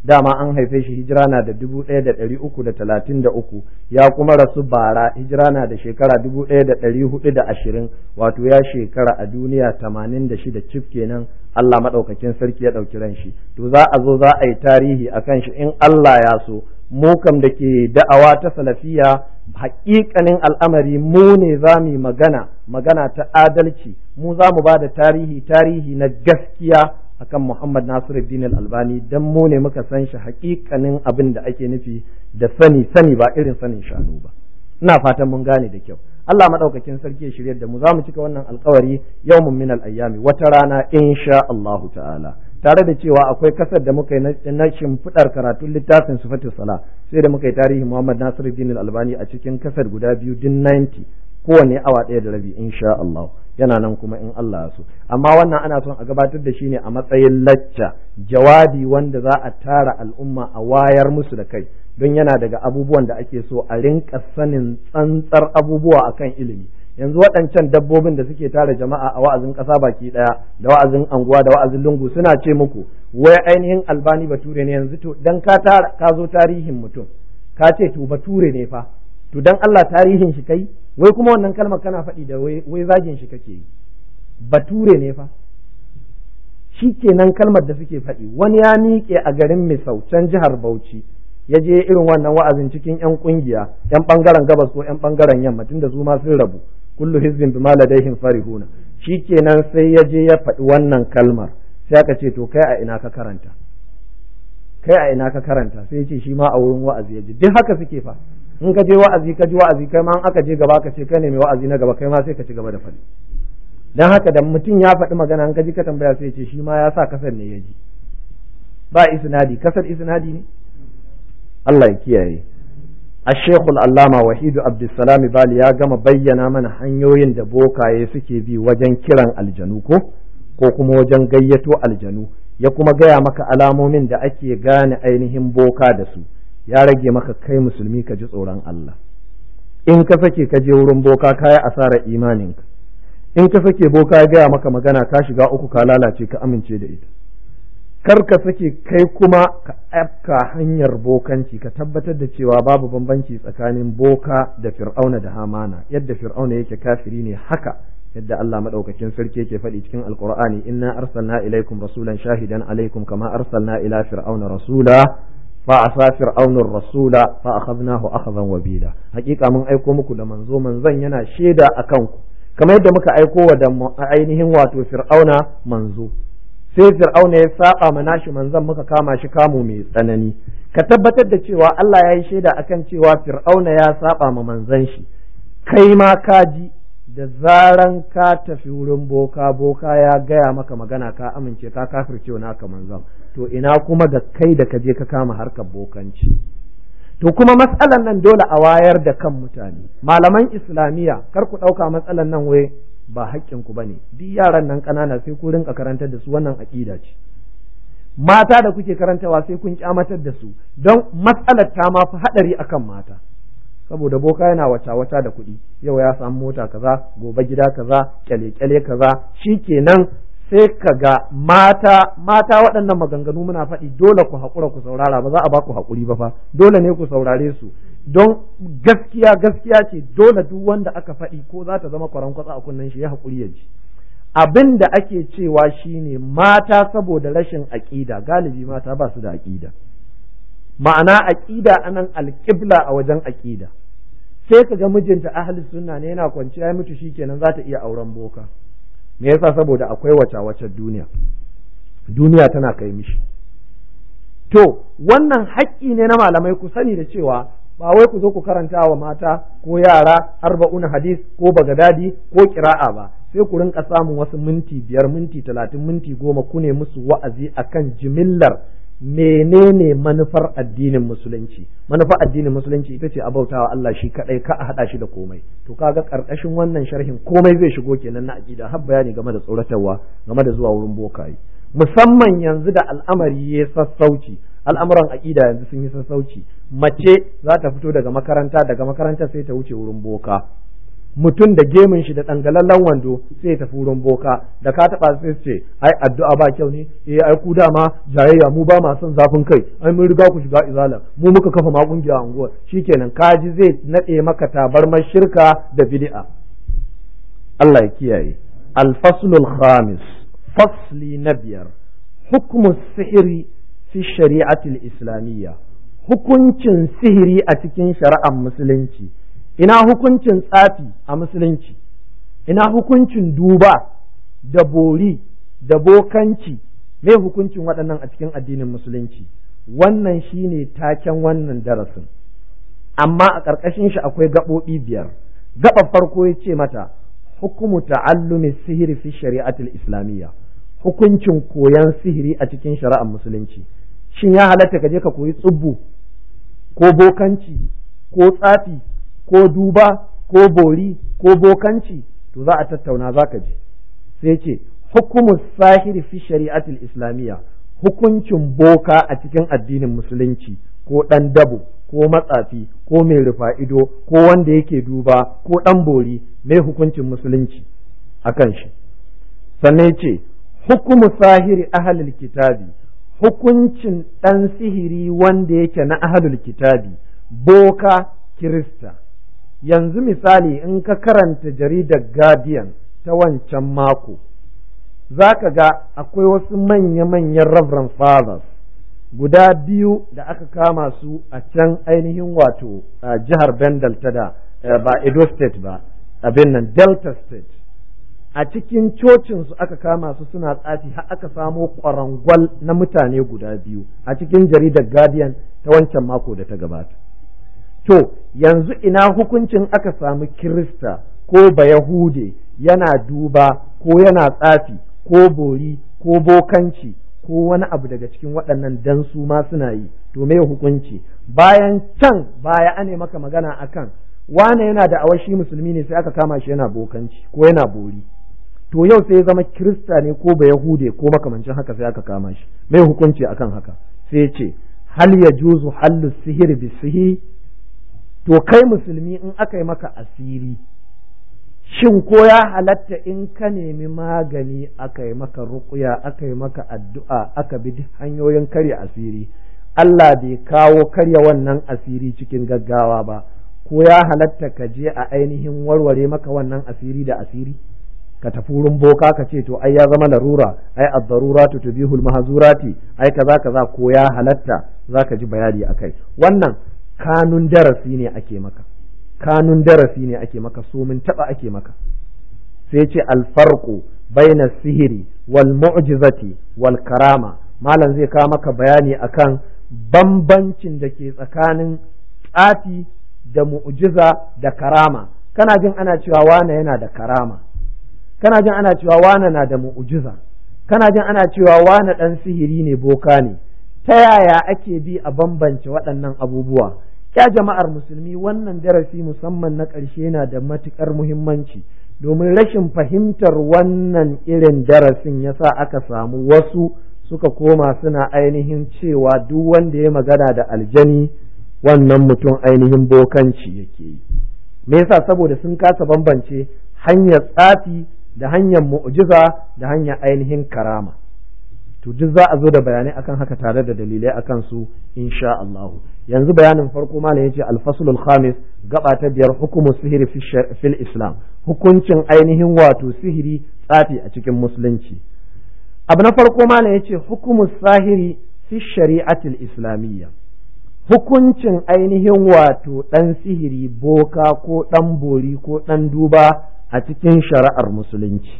dama an haife shi hijira na da dubu ɗaya da ɗari uku da talatin da uku ya kuma rasu bara hijira na da shekara dubu ɗaya da ɗari hudu da ashirin wato ya shekara a duniya tamanin da shida cif kenan Allah maɗaukakin sarki ya ɗauki ran shi to za a zo za a yi tarihi a kan shi in Allah ya so kam da ke da'awa ta salafiya haƙiƙanin al'amari mu ne za mu magana magana ta adalci mu za mu ba da tarihi tarihi na gaskiya akan Muhammad Nasiruddin Al-Albani dan mu ne muka san shi haƙiƙanin abin da ake nufi da sani sani ba irin sanin shanu ba ina fatan mun gane da kyau Allah madaukakin sarki ya shirya da mu za mu cika wannan alƙawari yau min al-ayyami wata rana insha Allahu ta'ala tare da cewa akwai kasar da muka yi na shimfiɗar karatun littafin sifatu sala sai da muka yi tarihi Muhammad Nasiruddin Albani a cikin kasar guda biyu din 90 kowane awa ɗaya da rabi insha Allah yana nan kuma in Allah ya so amma wannan ana son a gabatar da shi ne a matsayin lacca jawabi wanda za a tara al'umma a wayar musu da kai don yana daga abubuwan da ake so a rinka sanin tsantsar abubuwa akan ilimi yanzu waɗancan dabbobin da suke tara jama'a a wa'azin ƙasa baki ɗaya da wa'azin anguwa da wa'azin lungu suna ce muku wai ainihin albani bature ne yanzu to dan ka tara ka zo tarihin mutum ka ce to bature ne fa to dan Allah tarihin shi kai wai kuma wannan kalmar kana faɗi da wai zagin shi kake yi bature ne fa shi kenan kalmar da suke faɗi wani ya miƙe a garin Misau can jihar Bauchi ya je irin wannan wa'azin cikin 'yan ƙungiya 'yan ɓangaren gabas ko 'yan ɓangaren yamma tunda su ma sun rabu kullu hizbin bima ladaihim farihuna shikenan sai ya je ya faɗi wannan kalmar sai aka ce to kai a ina ka karanta kai a ina ka karanta sai ya ce shi ma a wurin wa'azi ya ji duk haka suke fa in ka je wa'azi ka ji wa'azi kai ma in aka je gaba ka ce kai ne mai wa'azi na gaba kai ma sai ka ci gaba da faɗi dan haka da mutum ya faɗi magana in ka ji ka tambaya sai ya ce shi ma ya sa kasar ne ya ji ba isnadi kasar isnadi ne Allah ya kiyaye الشيخ العلامة وحيد عبد السلام بالي يا جما بينا من hanyoyin da bokaye suke bi wajen kiran aljanu ko ko kuma wajen gayyato aljanu ya kuma gaya maka alamomin da ake gane ainihin boka da su ya rage maka kai musulmi ka ji tsoron Allah in ka sake ka je wurin boka yi asarar imaninka in ka sake boka ya gaya maka magana ka shiga uku ka lalace ka amince da ita kar ka sake kai kuma ka afka hanyar bokanci ka tabbatar da cewa babu bambanci tsakanin boka da fir'auna da hamana yadda fir'auna yake kafiri ne haka yadda Allah madaukakin sarki yake faɗi cikin alqur'ani inna arsalna ilaikum rasulan shahidan alaikum kama arsalna ila fir'auna rasula fa asa fir'aunur rasula fa akhadnahu akhadan wabila hakika mun aiko muku da manzo manzon yana shaida akan ku kamar yadda muka aiko wa da ainihin wato fir'auna manzo sai fir'auna ya saba ma nashi manzon muka kama shi kamu mai tsanani ka tabbatar da cewa Allah ya yi shaida akan cewa fir'auna ya saba ma manzon shi kai ma ka ji da zaran ka tafi wurin boka boka ya gaya maka magana ka amince ka kafirce wani aka manzan. to ina kuma ga kai da ka je ka kama harkar bokanci to kuma matsalan nan dole a wayar da kan mutane malaman islamiyya kar ku ɗauka matsalan nan wai ba haƙƙin ku bane duk yaran nan ƙanana sai ku rinka karantar da su wannan aƙida ce mata da kuke karantawa sai kun kyamatar da su don matsalar ta ma fi haɗari akan mata saboda boka yana wata wata da kuɗi yau ya samu mota kaza gobe gida kaza kyale kyale kaza shikenan sai ka ga mata mata waɗannan maganganu muna faɗi dole ku haƙura ku saurara ba za a ba ku haƙuri ba fa dole ne ku saurare su don gaskiya gaskiya ce dole duk wanda aka faɗi ko za ta zama kwatsa a kunnen shi ya haƙuri ya ji abin da ake cewa shine mata saboda rashin aƙida galibi mata ba su da aƙida ma'ana aƙida anan alƙibla a wajen aƙida sai ka ga mijinta ahli sunna ne yana kwanciya ya mutu shikenan za ta iya auren boka me yasa saboda akwai wace-wace duniya duniya tana kai mishi to wannan haƙƙi ne na malamai ku sani da cewa ba wai ku zo ku karanta wa mata ko yara arba'una hadis ko bagadadi ko kira'a ba sai ku rinka samun wasu minti biyar minti talatin minti goma ku ne musu wa'azi a kan jimillar menene manufar addinin musulunci manufar addinin musulunci ita ce a bautawa Allah shi kaɗai ka a hada shi da komai to kaga ƙarƙashin wannan sharhin komai zai shigo kenan na aqida har bayani game da tsoratarwa game da zuwa wurin bokaye musamman yanzu da al'amari ya sassauci al'amuran aƙida yanzu sun yi sassauci mace za ta fito daga makaranta daga makaranta sai ta wuce wurin boka mutum da gemun shi da dangalallan wando sai ta wurin boka da ka taɓa sai ce ai addu'a ba kyau ne eh ai ku dama jayayya mu ba ma son zafin kai ai mun riga ku shiga izala mu muka kafa ma kungiya unguwar shikenan kaji zai nade maka tabarmar shirka da bid'a Allah ya kiyaye al-faslul khamis fasli na biyar hukmu sihiri fi shari'atul islamiyya hukuncin sihiri a cikin shari'ar musulunci ina hukuncin tsafi a musulunci ina hukuncin duba da bori da bokanci mai hukuncin waɗannan a cikin addinin musulunci wannan shine taken wannan darasin amma a ƙarƙashin shi akwai gaɓoɓi biyar gaɓar farko ya ce mata hukumu ta'allumi sihiri fi shari'atul islamiyya hukuncin koyan sihiri a cikin shari'ar musulunci shin ya halatta ka je ka koyi tsubbu ko bokanci ko tsafi ko duba ko bori ko bokanci to za a tattauna za ka je. sai ce hukumu sahiri fi shari'atul islamiyya hukuncin boka a cikin addinin musulunci ko ɗan dabo ko matsafi ko mai rufa ido ko wanda yake duba ko ɗan bori mai hukuncin musulunci a kan shi sannan ce hukumu sahiri ahalil kitabi hukuncin ɗan sihiri wanda yake na ahalul kitabi boka kirista yanzu misali in ka karanta jaridar guardian ta wancan mako za ka ga akwai wasu manya-manyan reverend fathers guda biyu da aka kama su a can ainihin wato a jihar bendal ta da eh, ba edo state ba abin nan delta state a cikin cocinsu aka kama su suna tsafi har aka samo ƙwarangwal na mutane guda biyu a cikin jaridar guardian ta wancan mako da ta gabata to yanzu ina hukuncin aka samu kirista ko bayahude yana duba ko yana tsafi ko bori ko bokanci ko wani abu daga cikin waɗannan dan su ma suna yi to me hukunci bayan can baya ane maka magana akan wane yana da awashi musulmi ne sai aka kama shi yana bokanci ko yana bori to yau sai ya zama kirista ne ko ba yahude ko makamancin haka sai aka kama shi mai hukunci akan haka sai ce hal ya juzu hallu sihir bi sihi to kai musulmi in aka yi maka asiri shin ko ya halatta in ka nemi magani aka yi maka ruƙuya aka yi maka addu'a aka bi hanyoyin karya asiri Allah bai kawo karya wannan asiri cikin gaggawa ba ko ya halatta ka je a ainihin warware maka wannan asiri da asiri ka tafi wurin boka ka ce to ai ya zama larura ai ad to tubihul mahzurati ai kaza kaza ko ya halatta zaka ji bayani akai wannan kanun darasi ne ake maka kanun darasi ne ake maka so min taba ake maka sai ce alfarqu baina sihiri wal mu'jizati wal karama malam zai kawo maka bayani akan bambancin da ke tsakanin tsati da mu'jiza da karama kana jin ana cewa wane yana da karama kana jin ana cewa wane na da mu'ujiza kana jin ana cewa wane dan sihiri ne boka ne ta yaya ake bi a bambance waɗannan abubuwa ya jama'ar musulmi wannan darasi musamman na ƙarshe na da matuƙar muhimmanci domin rashin fahimtar wannan irin darasin ya sa aka samu wasu suka koma suna ainihin cewa duk wanda ya magana da aljani wannan mutum ainihin bokanci yake yi me yasa saboda sun kasa bambance hanyar tsafi da hanyar mu'jiza da hanyar ainihin karama to duk za a zo da bayanai akan haka tare da dalilai akan su insha Allah yanzu bayanin farko malam yace al-faslul khamis gaba ta biyar hukumu sihiri fil islam hukuncin ainihin wato sihiri tsafi a cikin musulunci abu na farko malam yace hukumu sahiri fi shari'atil islamiyya hukuncin ainihin wato dan sihiri boka ko dan bori ko dan duba a cikin shari'ar musulunci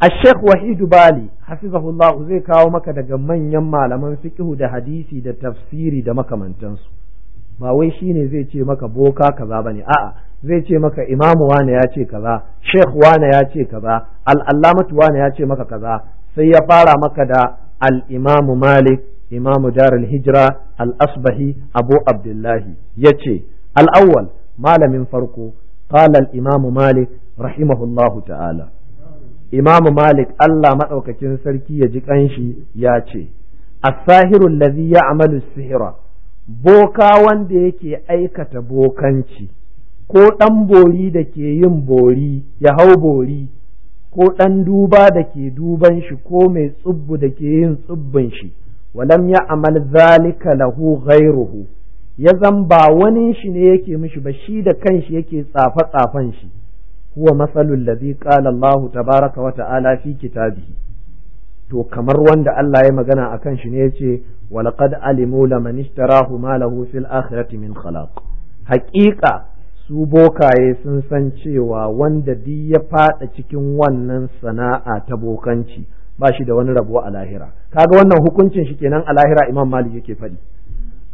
A wahidu Wahidu Bali, الله zai kawo maka daga manyan malaman fiqhu da hadisi da tafsiri da makamantansu ba wai shi ne zai ce maka boka kaza ne. a'a zai ce maka imamu wane ya ce kaza sheikh wane ya ce kaza al'allamatu wane ya ce maka kaza sai ya fara maka da al-imamu malik imamu darul hijra al-asbahi abu abdullahi yace al-awwal malamin farko قال الإمام مالك رحمه الله تعالى إمام مالك الله ما أوكتن سركي يجيك أنشي ياتي الساهر الذي يعمل السحر بوكا wanda yake aikata bokanci ko ɗan bori da ke yin bori ya hau bori ko ɗan duba da ke duban shi ko mai tsubbu da ke yin tsubbin shi walam ya amal zalika lahu ghairuhu ya zan ba wani shi ne yake mishi ba shi da kanshi yake tsafa tsafan shi huwa masalul ladhi qala Allah tabaraka wa ta'ala fi kitabihi to kamar wanda Allah ya magana akan shi ne yace walaqad alimu laman ishtarahu malahu fil akhirati min khalaq haqiqa su bokaye sun san cewa wanda duk ya fada cikin wannan sana'a ta bokanci ba shi da wani rabo a lahira kaga wannan hukuncin shi kenan a lahira Imam Malik yake faɗi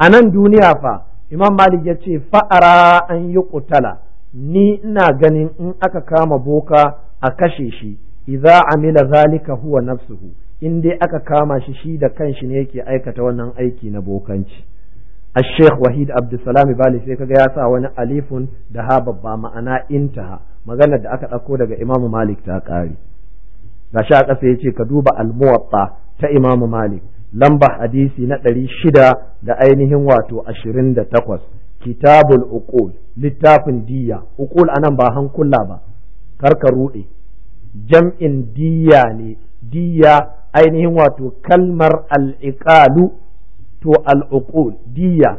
a nan duniya fa imam malik ya ce fa'ara an yi kutala ni ina ganin in aka kama boka a kashe shi idza amila zalika huwa nafsuhu in dai aka kama shi shi da kanshi ne yake aikata wannan aiki na bokanci الشيخ wahid abdulsalam bali sai kaga ya sa wani alifun da ha babba ma'ana intaha maganar da aka dauko daga imamu malik ta kare gashi a ƙasa yace ka duba al ta imamu malik lamba hadisi na ɗari shida da ainihin wato ashirin da takwas kitabul uqul littafin diya uqul anan ba hankula ba karka ruɗe jam'in diya ne diya ainihin wato kalmar al'iƙalu to al'uqul diya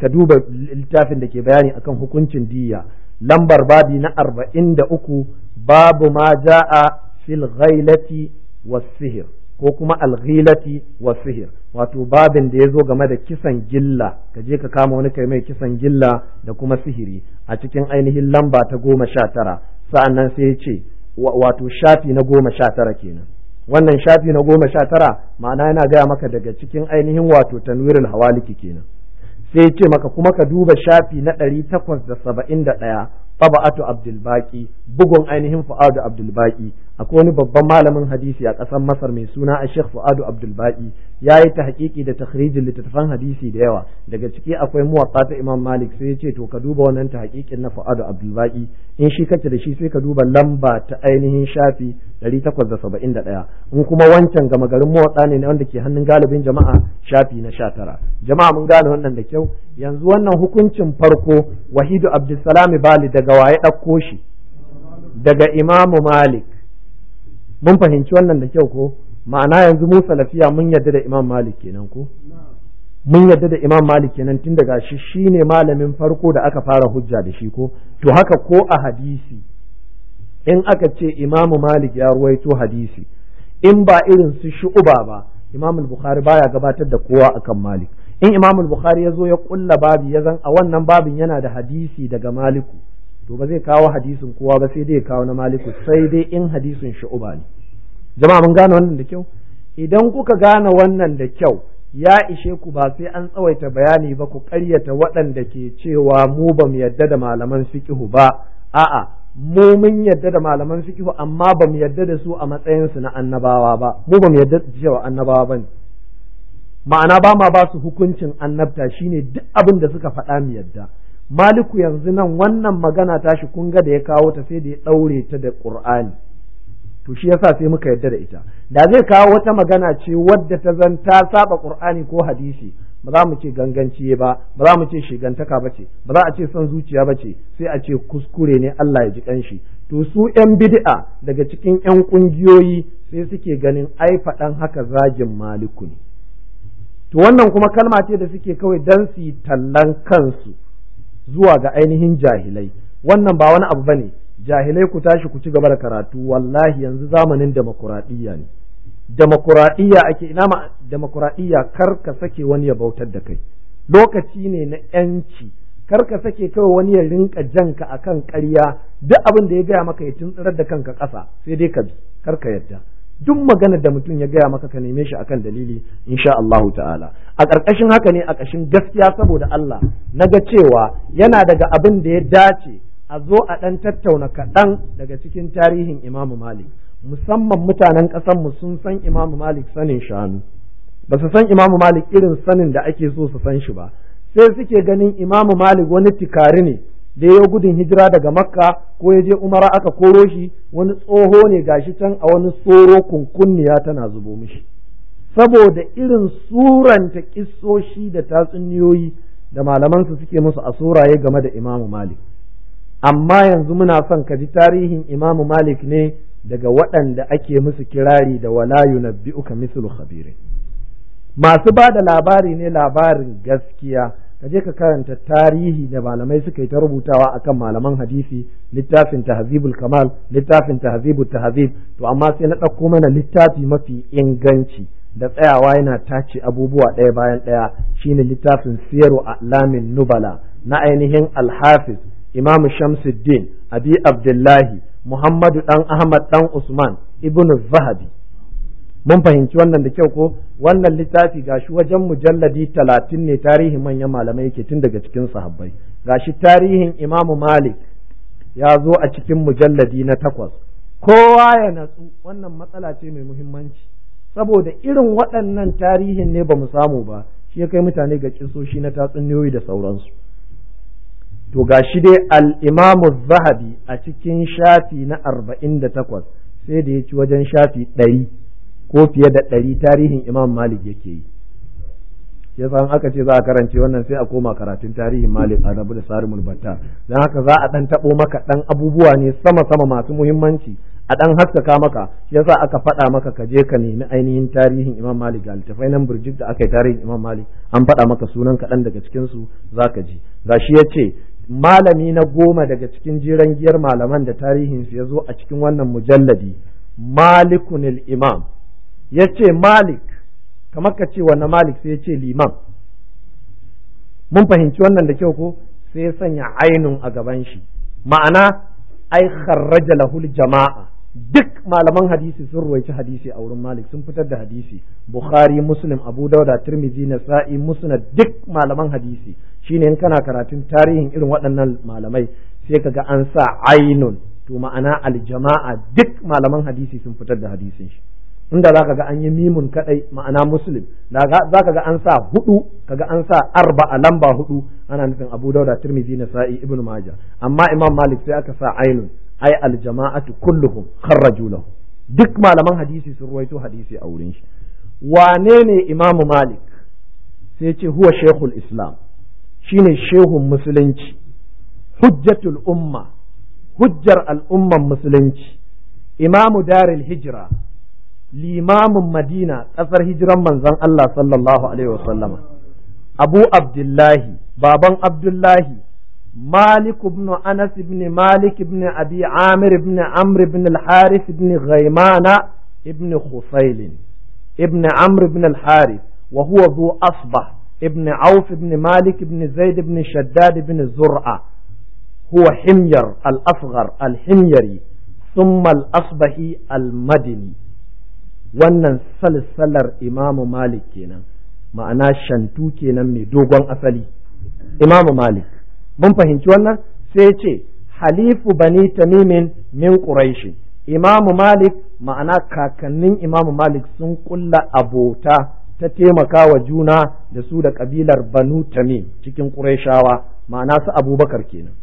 ka duba littafin da ke bayani akan hukuncin diya lambar babi na arba'in da uku babu ma ja'a fil ghailati was sihir ko kuma alghilati wa sihir wato babin da ya zo game da kisan gilla ka je ka kama wani kai mai kisan gilla da kuma sihiri a cikin ainihin lamba ta goma sha tara sa'an nan sai ya ce wato shafi na goma sha tara kenan wannan shafi na goma sha tara ma'ana yana gaya maka daga cikin ainihin wato tanwirul hawaliki kenan sai ya ce maka kuma ka duba shafi na ɗari takwas da saba'in da ɗaya taba'atu abdulbaki bugun ainihin fu'adu abdulbaki akwai wani babban malamin hadisi a ƙasar Masar mai suna a Sheikh Fuadu Abdul Baqi ya yi ta hakiki da takhrijin littattafan hadisi da yawa daga ciki akwai muwatta ta Imam Malik sai ya ce to ka duba wannan ta hakikin na Fuadu Abdul in shi kake da shi sai ka duba lamba ta ainihin shafi 871 in kuma wancan gama garin muwatta ne wanda ke hannun galibin jama'a shafi na 19 jama'a mun gane wannan da kyau yanzu wannan hukuncin farko Wahidu Abdul Salam Bali daga waye ɗauko shi daga imamu Malik mun fahimci wannan da kyau ko ma'ana yanzu mu salafiya mun yarda da imam malik kenan ko mun yadda da imam malik kenan tun daga shi shine malamin farko da aka fara hujja da shi ko to haka ko a hadisi in aka ce imam malik ya ruwaito hadisi in ba irin su shu'uba ba imam bukhari baya gabatar da kowa akan malik in imam bukhari ya zo ya kulla babi ya zan a wannan babin yana da hadisi daga maliku to ba zai kawo hadisin kowa ba sai dai kawo na maliku sai dai in hadisin shu'uba ne jama'a mun gane wannan da kyau idan kuka gane wannan da kyau ya ishe ku ba sai an tsawaita bayani ba ku ƙaryata waɗanda ke cewa mu ba mu yadda da malaman fiqihu ba a'a mu mun yadda da malaman fiqihu amma ba mu yadda da su a matsayin su na annabawa ba mu ba mu yadda da cewa annabawa ba ne ma'ana ba ma ba su hukuncin annabta shine duk abin da suka faɗa mu yadda maliku yanzu nan wannan magana tashi kun ga da ya kawo ta sai da ya ɗaure ta da ƙur'ani to shi yasa sai muka yarda da ita da zai kawo wata magana ce wadda ta zan ta saba ƙur'ani ko hadisi ba za mu ce ganganci ba ba za mu ce shigantaka ba ce ba za a ce son zuciya ba ce sai a ce kuskure ne Allah ya ji kanshi to su yan bid'a daga cikin yan ƙungiyoyi sai suke ganin ai faɗan haka zagin maliku ne to wannan kuma kalma ce da suke kawai dan su tallan kansu zuwa ga ainihin jahilai wannan ba wani abu bane jahilai ku tashi ku ci gaba da karatu wallahi yanzu zamanin demokuraɗiyya ne demokuraɗiyya ake ina ma demokuraɗiyya kar ka sake wani ya bautar da kai lokaci ne na yanci kar ka sake kawai wani ya rinka janka akan ƙarya duk abin da ya gaya maka ya tuntsirar da kanka ƙasa sai dai ka bi kar ka yadda duk maganar da mutum ya gaya maka ka neme shi akan dalili insha Allah ta'ala a ƙarƙashin haka ne a ƙashin gaskiya saboda Allah na ga cewa yana daga abin da ya dace a zo a ɗan tattauna kaɗan daga cikin tarihin Imamu Malik musamman mutanen ƙasar mu sun san Imamu Malik sanin shanu ba su san Imamu Malik irin sanin da ake so su san shi ba sai suke ganin Imamu Malik wani tikari ne da ya gudun hijira daga makka ko ya je umara aka koro shi wani tsoho ne ga shi can a wani tsoro kunkunniya tana zubo mishi saboda irin suranta kissoshi da tatsuniyoyi da malamansu suke musu a suraye game da imamu malik amma yanzu muna son ka ji tarihin imamu malik ne daga waɗanda ake musu kirari da wala yunabbi'uka mislu khabirin masu ba da labari ne labarin gaskiya ka je ka karanta tarihi da malamai suka yi ta rubutawa akan malaman hadisi littafin tahzibul kamal littafin tahzibul tahzib to amma sai na ɗauko mana littafi mafi inganci da tsayawa yana tace abubuwa ɗaya bayan ɗaya shine littafin siyaru a'lamin nubala na ainihin alhafiz imam shamsuddin abi abdullahi muhammadu dan ahmad dan usman ibnu zahabi mun fahimci wannan da kyau ko wannan littafi ga shi wajen mujalladi talatin ne tarihin manyan malamai yake tun daga cikin sahabbai shi tarihin imamu malik ya zo a cikin mujalladi na takwas kowa ya natsu wannan matsala ce mai muhimmanci saboda irin waɗannan tarihin ne ba mu samu ba shi ya kai mutane ga kisoshi na tatsuniyoyi da sauransu to ga shi dai al zahabi a cikin shafi na arba'in da takwas sai da ya ci wajen shafi ɗari ko fiye da ɗari tarihin imam malik yake yi yasa an aka ce za a karance wannan sai a koma karatun tarihin malik a rabu da sarimul mulbata don haka za a ɗan taɓo maka ɗan abubuwa ne sama sama masu muhimmanci a ɗan haskaka maka yasa aka faɗa maka ka je ka nemi ainihin tarihin imam malik ga littafai nan burjik da aka yi tarihin imam malik an faɗa maka sunan kaɗan daga cikinsu za ka ji shi ya ce malami na goma daga cikin jiran giyar malaman da tarihinsu ya zo a cikin wannan mujalladi Malikunil imam ya ce malik kamar ka ce wannan malik sai ya ce liman mun fahimci wannan da kyau ko sai ya sanya ainun a gaban shi ma'ana ai kharraja lahul jama'a duk malaman hadisi sun ruwaici hadisi a wurin malik sun fitar da hadisi bukhari muslim abu dauda tirmidhi nasa'i musnad duk malaman hadisi shine in kana karatun tarihin irin waɗannan malamai sai kaga an sa ainun to ma'ana jama'a duk malaman hadisi sun fitar da hadisin shi inda zaka ga an yi mimun kadai ma'ana muslim ka ga an sa hudu kaga an sa arba a lamba hudu ana nufin abu dauda tirmidhi nasa'i ibnu maja amma imam malik sai aka sa ainun ai aljama'atu kulluhum kharraju lahu duk malaman hadisi sun ruwaito hadisi a wurin shi wane ne imamu malik sai ce huwa shehul islam shine shehun musulunci hujjatul umma hujjar al'umman musulunci imamu daril hijira limamin madina ƙasar hijiran manzon Allah sallallahu Alaihi wasallama, abu abdullahi, baban abdullahi, malik anas ibn malik ibn abi amir ibn amr ibn al-harith ibn ghaymana ibn khusayl ibn amr ibn wa huwa zu asba ibn auf ibn malik ibn zaid ibn shaddad ibn zur'a huwa himyar al-asghar al-himyari thumma asbahi al wannan salsalar imamu malik kenan ma'ana shantu kenan mai dogon asali imamu malik mun fahimci wannan sai ce halifu bani tamimin min ƙuraishi imamu malik ma'ana kakannin imamu malik sun kulla abota ta taimaka wa juna da su da kabilar banu tamim cikin ƙuraishawa ma'ana su abubakar kenan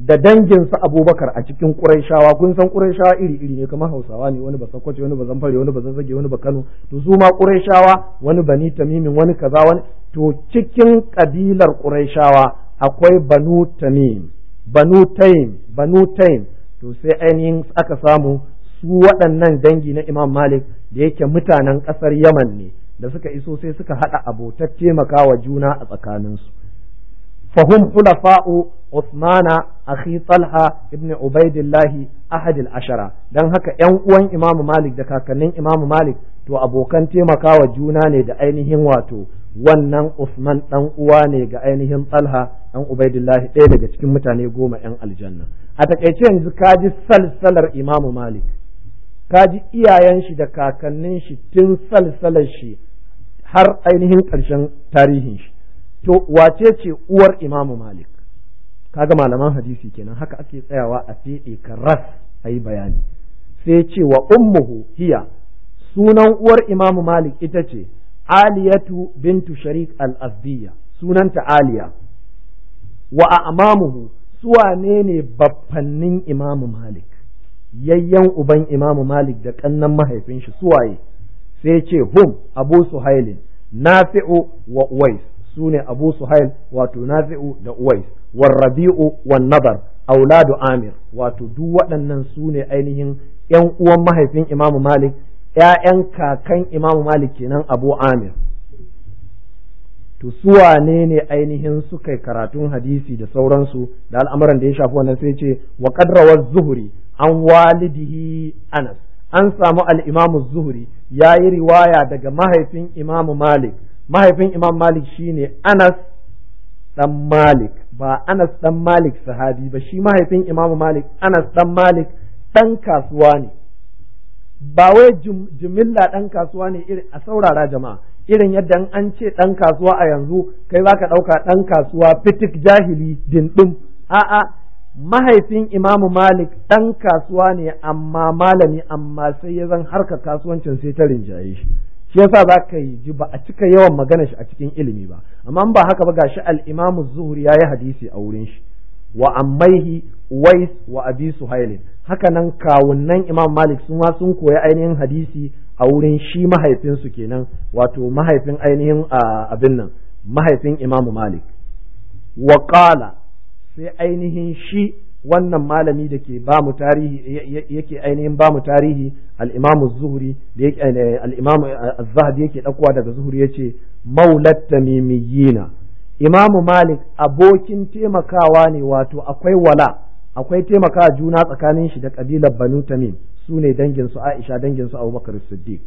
da danginsa abubakar a cikin ƙuraishawa kun san shawa iri iri ne kamar hausawa ne wani ba sakwace wani ba zamfare wani ba zazzage wani ba kano to su ma shawa wani bani tamimin wani kaza wani to cikin ƙabilar ƙuraishawa akwai banu tamim banu taim banu taim to sai ainihin aka samu su waɗannan dangi na imam malik da yake mutanen ƙasar yaman ne da suka iso sai suka haɗa abotar taimakawa juna a tsakaninsu فهم خلفاء عثمان أخي طلحة ابن عبيد الله أحد العشرة دان هكا ينقوان إمام مالك دكا كنين إمام مالك تو أبو كنتي مكا وجوناني دا أينهم واتو wannan Usman ɗan uwa ne ga ainihin Talha ɗan Ubaidullahi ɗaya daga cikin mutane goma ‘yan aljanna. A takaice yanzu ka ji salsalar Imamu Malik, ka ji iyayen shi da kakannin shi tun salsalar shi har ainihin ƙarshen tarihin shi. to wace ce uwar imamu malik kaga malaman hadisi kenan haka ake tsayawa a fiɗe karas ayi bayani sai ce wa ummuhu hiya sunan uwar imamu malik ita ce aliyatu bintu sharik al-azdiya sunanta aliya wa amamuhu suwa ne baffannin imamu malik yayyan uban imamu malik da kannan mahaifin shi suwaye sai ce hum abu suhailin nafi'u wa uwais sune Abu Suhail wato Nafi'u da Uwais war Rabi'u wan Nadar auladu Amir wato duk waɗannan sune ainihin 'yan uwan mahaifin imamu Malik ƴaƴan kakan imamu Malik kenan Abu Amir to su wane ne ainihin suka karatun hadisi da sauransu da al'amuran da ya shafi wannan sai ce wa qadrawaz zuhri an walidihi Anas an samu al-Imam az-Zuhri yayi riwaya daga mahaifin imamu Malik mahaifin imam malik shine anas dan malik ba anas dan malik sahabi ba shi mahaifin imam malik anas dan malik dan kasuwa ne ba wai jimilla dan kasuwa ne irin a saurara jama'a irin yadda an ce dan kasuwa a yanzu kai za ka ɗauka ɗan kasuwa fitik jahili dinɗin a'a mahaifin imamu malik dan kasuwa ne amma malami amma sai ya zan harka kasuwancin sai ta rinjaye shi shi yasa za ka yi ji ba a cika yawan magana shi a cikin ilimi ba amma ba haka ba gashi al'imamu zuhur ya yi hadisi a wurin shi wa ammaihi Uwais wa Abi Suhail haka nan kawunnan Imam Malik sun sun koyi ainihin hadisi a wurin shi mahaifinsu kenan wato mahaifin ainihin abin nan mahaifin imamu Malik wa qala sai ainihin shi wannan malami da ke ba mu tarihi yake ainihin ba mu tarihi al-imamu zuhri da yake eh, al-imamu eh, az-zahabi yake dakuwa daga zuhri yace maulat tamimiyina imamu malik abokin taimakawa ne wato akwai wala akwai taimakawa juna tsakanin shi da kabilar banu tamim su ne dangin aisha danginsu su abubakar siddiq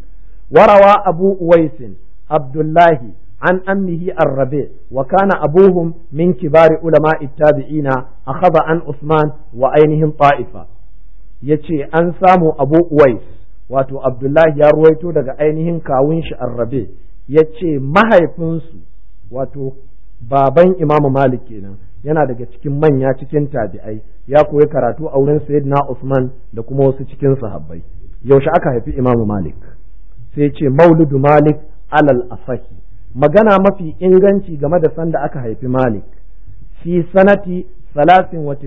warawa abu uwaisin abdullahi an ammihi arrabe wa kana abuhum min kibari ulama ittabi'ina akhadha an usman wa ainihin ta'ifa yace an samu abu uwais wato abdullahi ya ruwaito daga ainihin kawun shi arrabe yace mahaifinsu wato baban imamu malik kenan yana daga cikin manya cikin tabi'ai ya koyi karatu a wurin sayyidina usman da kuma wasu cikin sahabbai yaushe aka haifi imamu malik sai ce mauludu malik alal asahi magana mafi inganci game da sanda aka haifi malik fi sanati salasin wa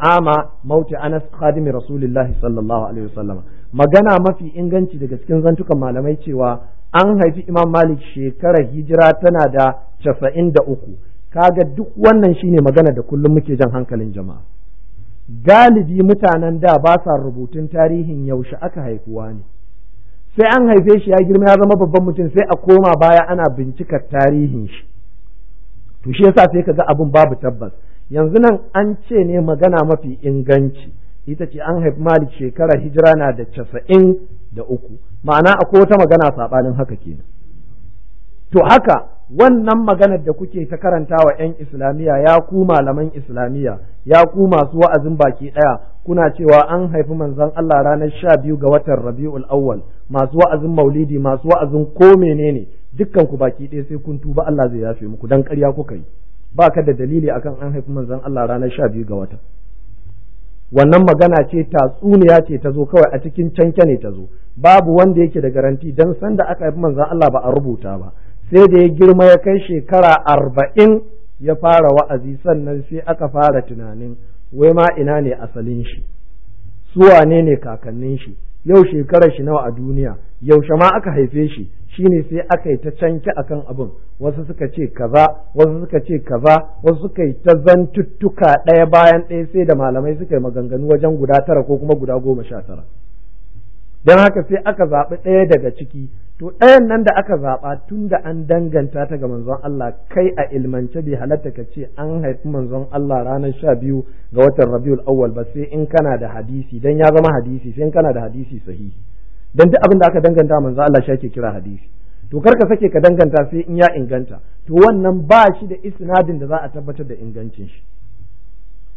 ama mauti anas khadimi Rasulullahi sallallahu alaihi wasallam magana mafi inganci daga cikin zantukan malamai cewa an haifi imam malik shekarar hijira tana da casa'in da uku kaga duk wannan shine magana da kullum muke jan hankalin jama'a galibi mutanen da ba sa rubutun tarihin yaushe aka haifuwa ne sai an haife shi ya girma ya zama babban mutum sai a koma baya ana bincikar tarihin shi to shi yasa sai kaga abin babu tabbas yanzu nan an ce ne magana mafi inganci ita ce an haifi malik shekara hijira na da casa'in da uku ma'ana akwai wata magana saɓanin haka kenan to haka wannan maganar da kuke ta karanta wa 'yan islamiyya ya ku malaman islamiyya ya ku masu wa'azin baki ɗaya kuna cewa an haifi manzon Allah ranar sha biyu ga watan rabi'ul awwal masu wa'azin maulidi masu wa'azin ko menene dukkan ku baki ɗaya sai kun tuba Allah zai yafe muku dan karya kuka yi ba ka da dalili akan an haifi manzon Allah ranar sha biyu ga watan wannan magana ce tatsuniya ce ta zo kawai a cikin canke ne ta zo babu wanda yake da garanti dan sanda aka haifi manzon Allah ba a rubuta ba sai da ya girma ya kai shekara arba'in ya fara wa'azi sannan sai aka fara tunanin wai ma ina ne asalin shi su wane ne kakannin shi yau shekarar shi nawa a duniya yaushe ma aka haife shi shine sai aka yi ta canki akan abin wasu suka ce kaza wasu suka ce kaza wasu suka yi ta zantuttuka ɗaya bayan ɗaya sai da malamai suka yi maganganu wajen guda tara ko kuma guda goma sha tara don haka sai aka zaɓi ɗaya daga ciki to ɗayan nan da aka zaɓa tun da an danganta ta ga manzon Allah kai a ilmance bai halatta ka ce an haifi manzon Allah ranar sha biyu ga watan Rabiul Awwal ba sai in kana da hadisi dan ya zama hadisi sai in kana da hadisi sahihi dan duk abin da aka danganta manzon Allah shi kira hadisi to kar ka sake ka danganta sai in ya inganta to wannan ba shi da isnadin da za a tabbatar da ingancin shi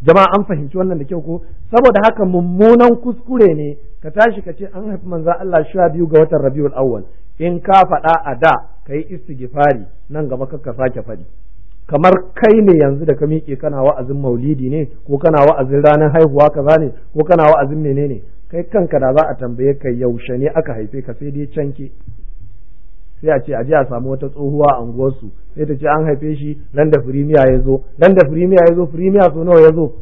jama'a an fahimci wannan da kyau ko saboda haka mummunan kuskure ne ka tashi ka ce an haifi manzon Allah sha biyu ga watan Rabiul Awwal in ka faɗa a da ka yi istighfari nan gaba ka sake faɗi kamar kai ne yanzu da ka miƙe kana wa'azin maulidi ne ko kana wa'azin ranar haihuwa kaza ne ko kana wa'azin menene kai kanka da za a tambaye ka yaushe ne aka haife ka sai dai canke sai a ce a je a samu wata tsohuwa a unguwarsu sai ta ce an haife shi nan da firimiya ya zo nan da firimiya ya zo firimiya so nawa ya zo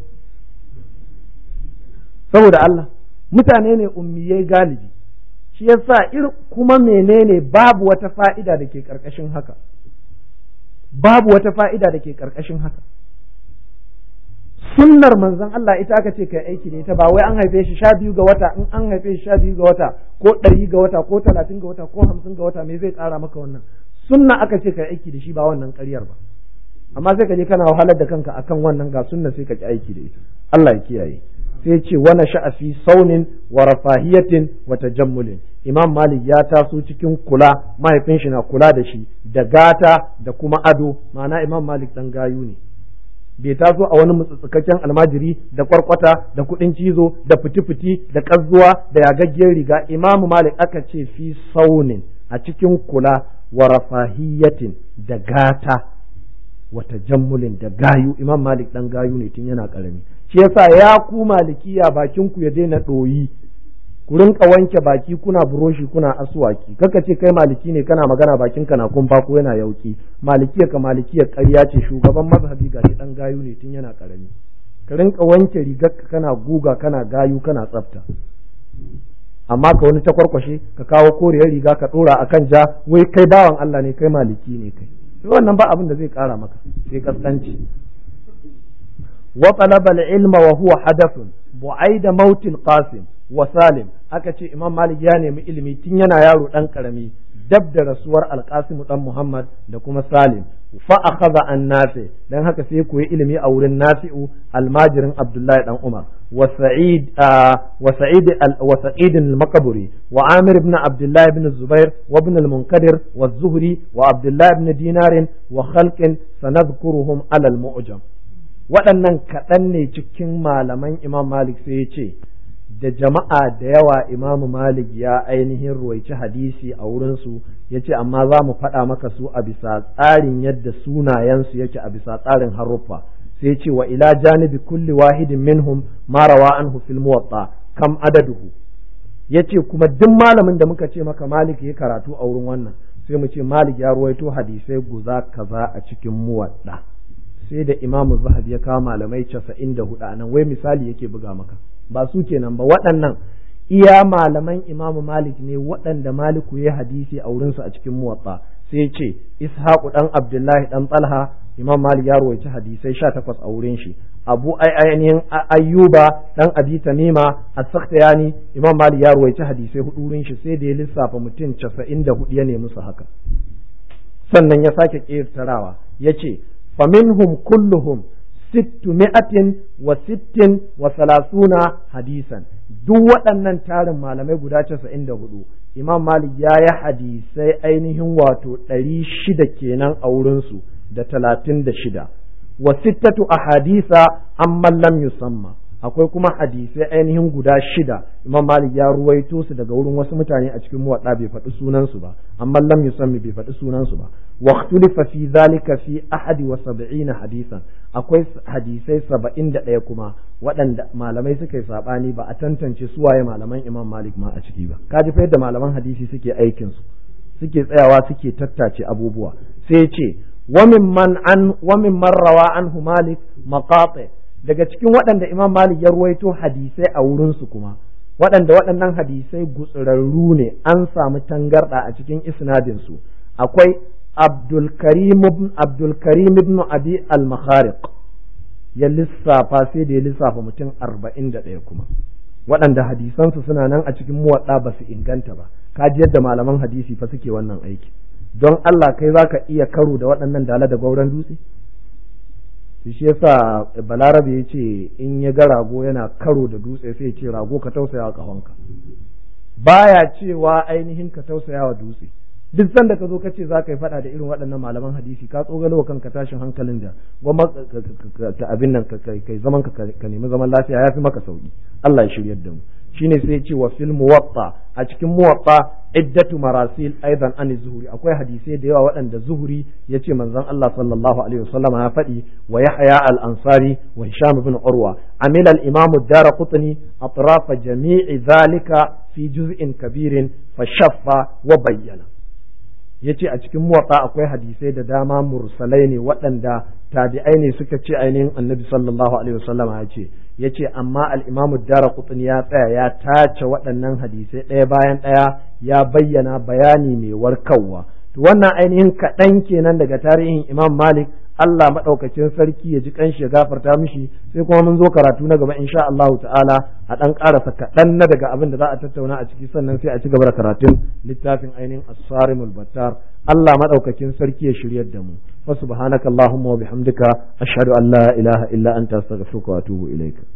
saboda Allah mutane ne ummiyai galibi shi yasa ir kuma menene babu wata fa'ida da ke ƙarƙashin haka babu wata fa'ida da ke ƙarƙashin haka sunnar manzon Allah ita aka ce kai aiki ne ta ba wai an haife shi sha biyu ga wata in an haife shi sha biyu ga wata ko ɗari ga wata ko talatin ga wata ko hamsin ga wata me zai ƙara maka wannan sunna aka ce kai aiki da shi ba wannan ƙaryar ba amma sai ka je kana wahalar da kanka akan wannan ga sunna sai ka ki aiki da ita Allah ya kiyaye sai ce wa nasha'a fi saunin wa rafahiyatin wa tajammulin imam malik ya taso cikin kula mahaifin shi na kula da shi da gata da kuma ado ma'ana imam malik dan gayu ne bai taso a wani mutsuttsukakken almajiri da kwarkwata da kudin cizo da fitifiti da kazzuwa da yagaggiyar riga imam malik aka ce fi saunin a cikin kula wa rafahiyatin da gata wa tajammulin da gayu imam malik dan gayu ne tun yana karami shi yasa ya ku malikiya bakin ku ya daina ɗoyi ku rinka wanke baki kuna buroshi kuna asuwaki kaka ce kai maliki ne kana magana bakin ka na kumfa ko yana yauki malikiya ka malikiya ƙarya ce shugaban mazhabi ga dan gayu ne tun yana karami ka rinka wanke ka kana guga kana gayu kana tsafta amma ka wani takwarkwashe ka kawo koriyar riga ka dora akan ja wai kai bawan Allah ne kai maliki ne kai wannan ba abin da zai kara maka sai kaskanci wa talaba al-ilma wa huwa hadathun bu'aida mautin qasim wa salim aka ce imam malik ya nemi ilimi tun yana yaro dan karami dab da rasuwar alqasim dan muhammad da kuma salim fa akhadha an nafi dan haka sai koyi ilimi a wurin nafi'u almajirin abdullahi dan umar wa sa'id wa sa'id wa al wa amir ibn abdullah ibn zubair wa ibn al-munkadir wa zuhri wa abdullah ibn dinarin wa khalqin sanadhkuruhum ala al-mu'jam waɗannan kaɗan ne cikin malaman imam malik sai ya ce da jama'a da yawa imam malik ya ainihin ruwaici hadisi a wurinsu ya ce amma za mu faɗa maka su a bisa tsarin yadda sunayensu yake a bisa tsarin haruffa sai ce wa ila janibi kulli wahidin minhum ma rawa anhu fil muwatta kam adaduhu ce kuma duk malamin da muka ce maka malik ya karatu a wurin wannan sai mu ce malik ya ruwaito hadisai guza kaza a cikin muwatta sai da imamu zahabi ya kama malamai casa'in da hudu nan wai misali yake buga maka ba su kenan ba waɗannan iya malaman imamu malik ne waɗanda maliku ya hadisi a wurinsu a cikin muwatta sai ce Ishak'u dan abdullahi dan talha imam malik ya rawaita hadisai 18 a wurin shi abu ainihin ayyuba dan abi tamima as-sakhtiyani imam malik ya rawaita hadisai hudu wurin shi sai da ya lissafa mutum 94 ya nemi su haka sannan ya sake kirtarawa yace faminhum kulluhum sittu mi'atin wa sittin wa salasuna hadisan duk waɗannan tarin malamai guda casa'in da hudu imam malik ya yi hadisai ainihin wato ɗari shida kenan a wurinsu da talatin da shida wa sittatu ahadisa an mallam yusamma akwai kuma hadisai ainihin guda shida imam malik ya ruwaito su daga wurin wasu mutane a cikin muwadda bai faɗi sunansu ba amma lam yusammi bai faɗi sunansu ba wa ikhtulifa fi zalika fi ahadi wa sab'ina hadisan akwai hadisai saba'in da ɗaya kuma waɗanda malamai suka yi saɓani ba a tantance su waye malaman imam malik ma a ciki ba kaji ji fa malaman hadisi suke aikin su suke tsayawa suke tattace abubuwa sai ce wa mimman an wa mimman rawa anhu malik maqati daga cikin waɗanda imam malik ya ruwaito hadisai a wurinsu kuma waɗanda waɗannan hadisai gutsurarru ne an samu tangarɗa a cikin isnadinsu akwai abdulkarim ibn abi al-makhariq ya lissafa sai da ya lissafa mutum arba'in da ɗaya kuma waɗanda hadisansu suna nan a cikin muwaɗa ba su inganta ba kaji yadda malaman hadisi fa suke wannan aiki don Allah kai za ka iya karo da waɗannan dala da gauran dutse shi yasa balarabe ya ce in ya ga rago yana karo da dutse sai ce rago ka tausaya wa ƙahonka baya cewa ainihin ka tausaya wa dutse duk sanda ka zo ka ce za ka yi faɗa da irin waɗannan malaman hadisi ka tsogalo kanka tashin hankalin da gwamma ta abin nan kai zaman ka nemi zaman lafiya ya fi maka sauki Allah ya shiryar da mu shine sai ce wa fil muwatta a cikin muwatta iddatu marasil aidan an zuhuri akwai hadisai da yawa waɗanda zuhuri ya ce manzon Allah sallallahu alaihi wasallam ya faɗi wa yahya al ansari wa hisham ibn urwa amila al imam ad-darqutni atrafa jami'i zalika fi juz'in kabirin fa shaffa wa bayyana ya ce a cikin muwaƙa akwai hadisai da dama mursalai ne waɗanda tabi'ai ne suka ce ainihin annabi sallallahu alaihi wasallam ya ce ya ce amma al'imamu dara kuɗin ya tsaya ya tace waɗannan hadisai ɗaya bayan ɗaya ya bayyana bayani mai warkarwa wannan ainihin kaɗan kenan daga tarihin imam malik Allah maɗaukacin sarki ya ji kanshi ya gafarta mishi sai kuma mun zo karatu na gaba insha Allah ta'ala a ɗan ƙarasa kaɗan na daga abin da za a tattauna a ciki sannan sai a ci gaba da karatun littafin ainihin as-sarimul battar Allah maɗaukakin sarki ya shiryar da mu fa subhanakallahumma wa bihamdika ashhadu an la ilaha illa anta astaghfiruka wa atubu ilaika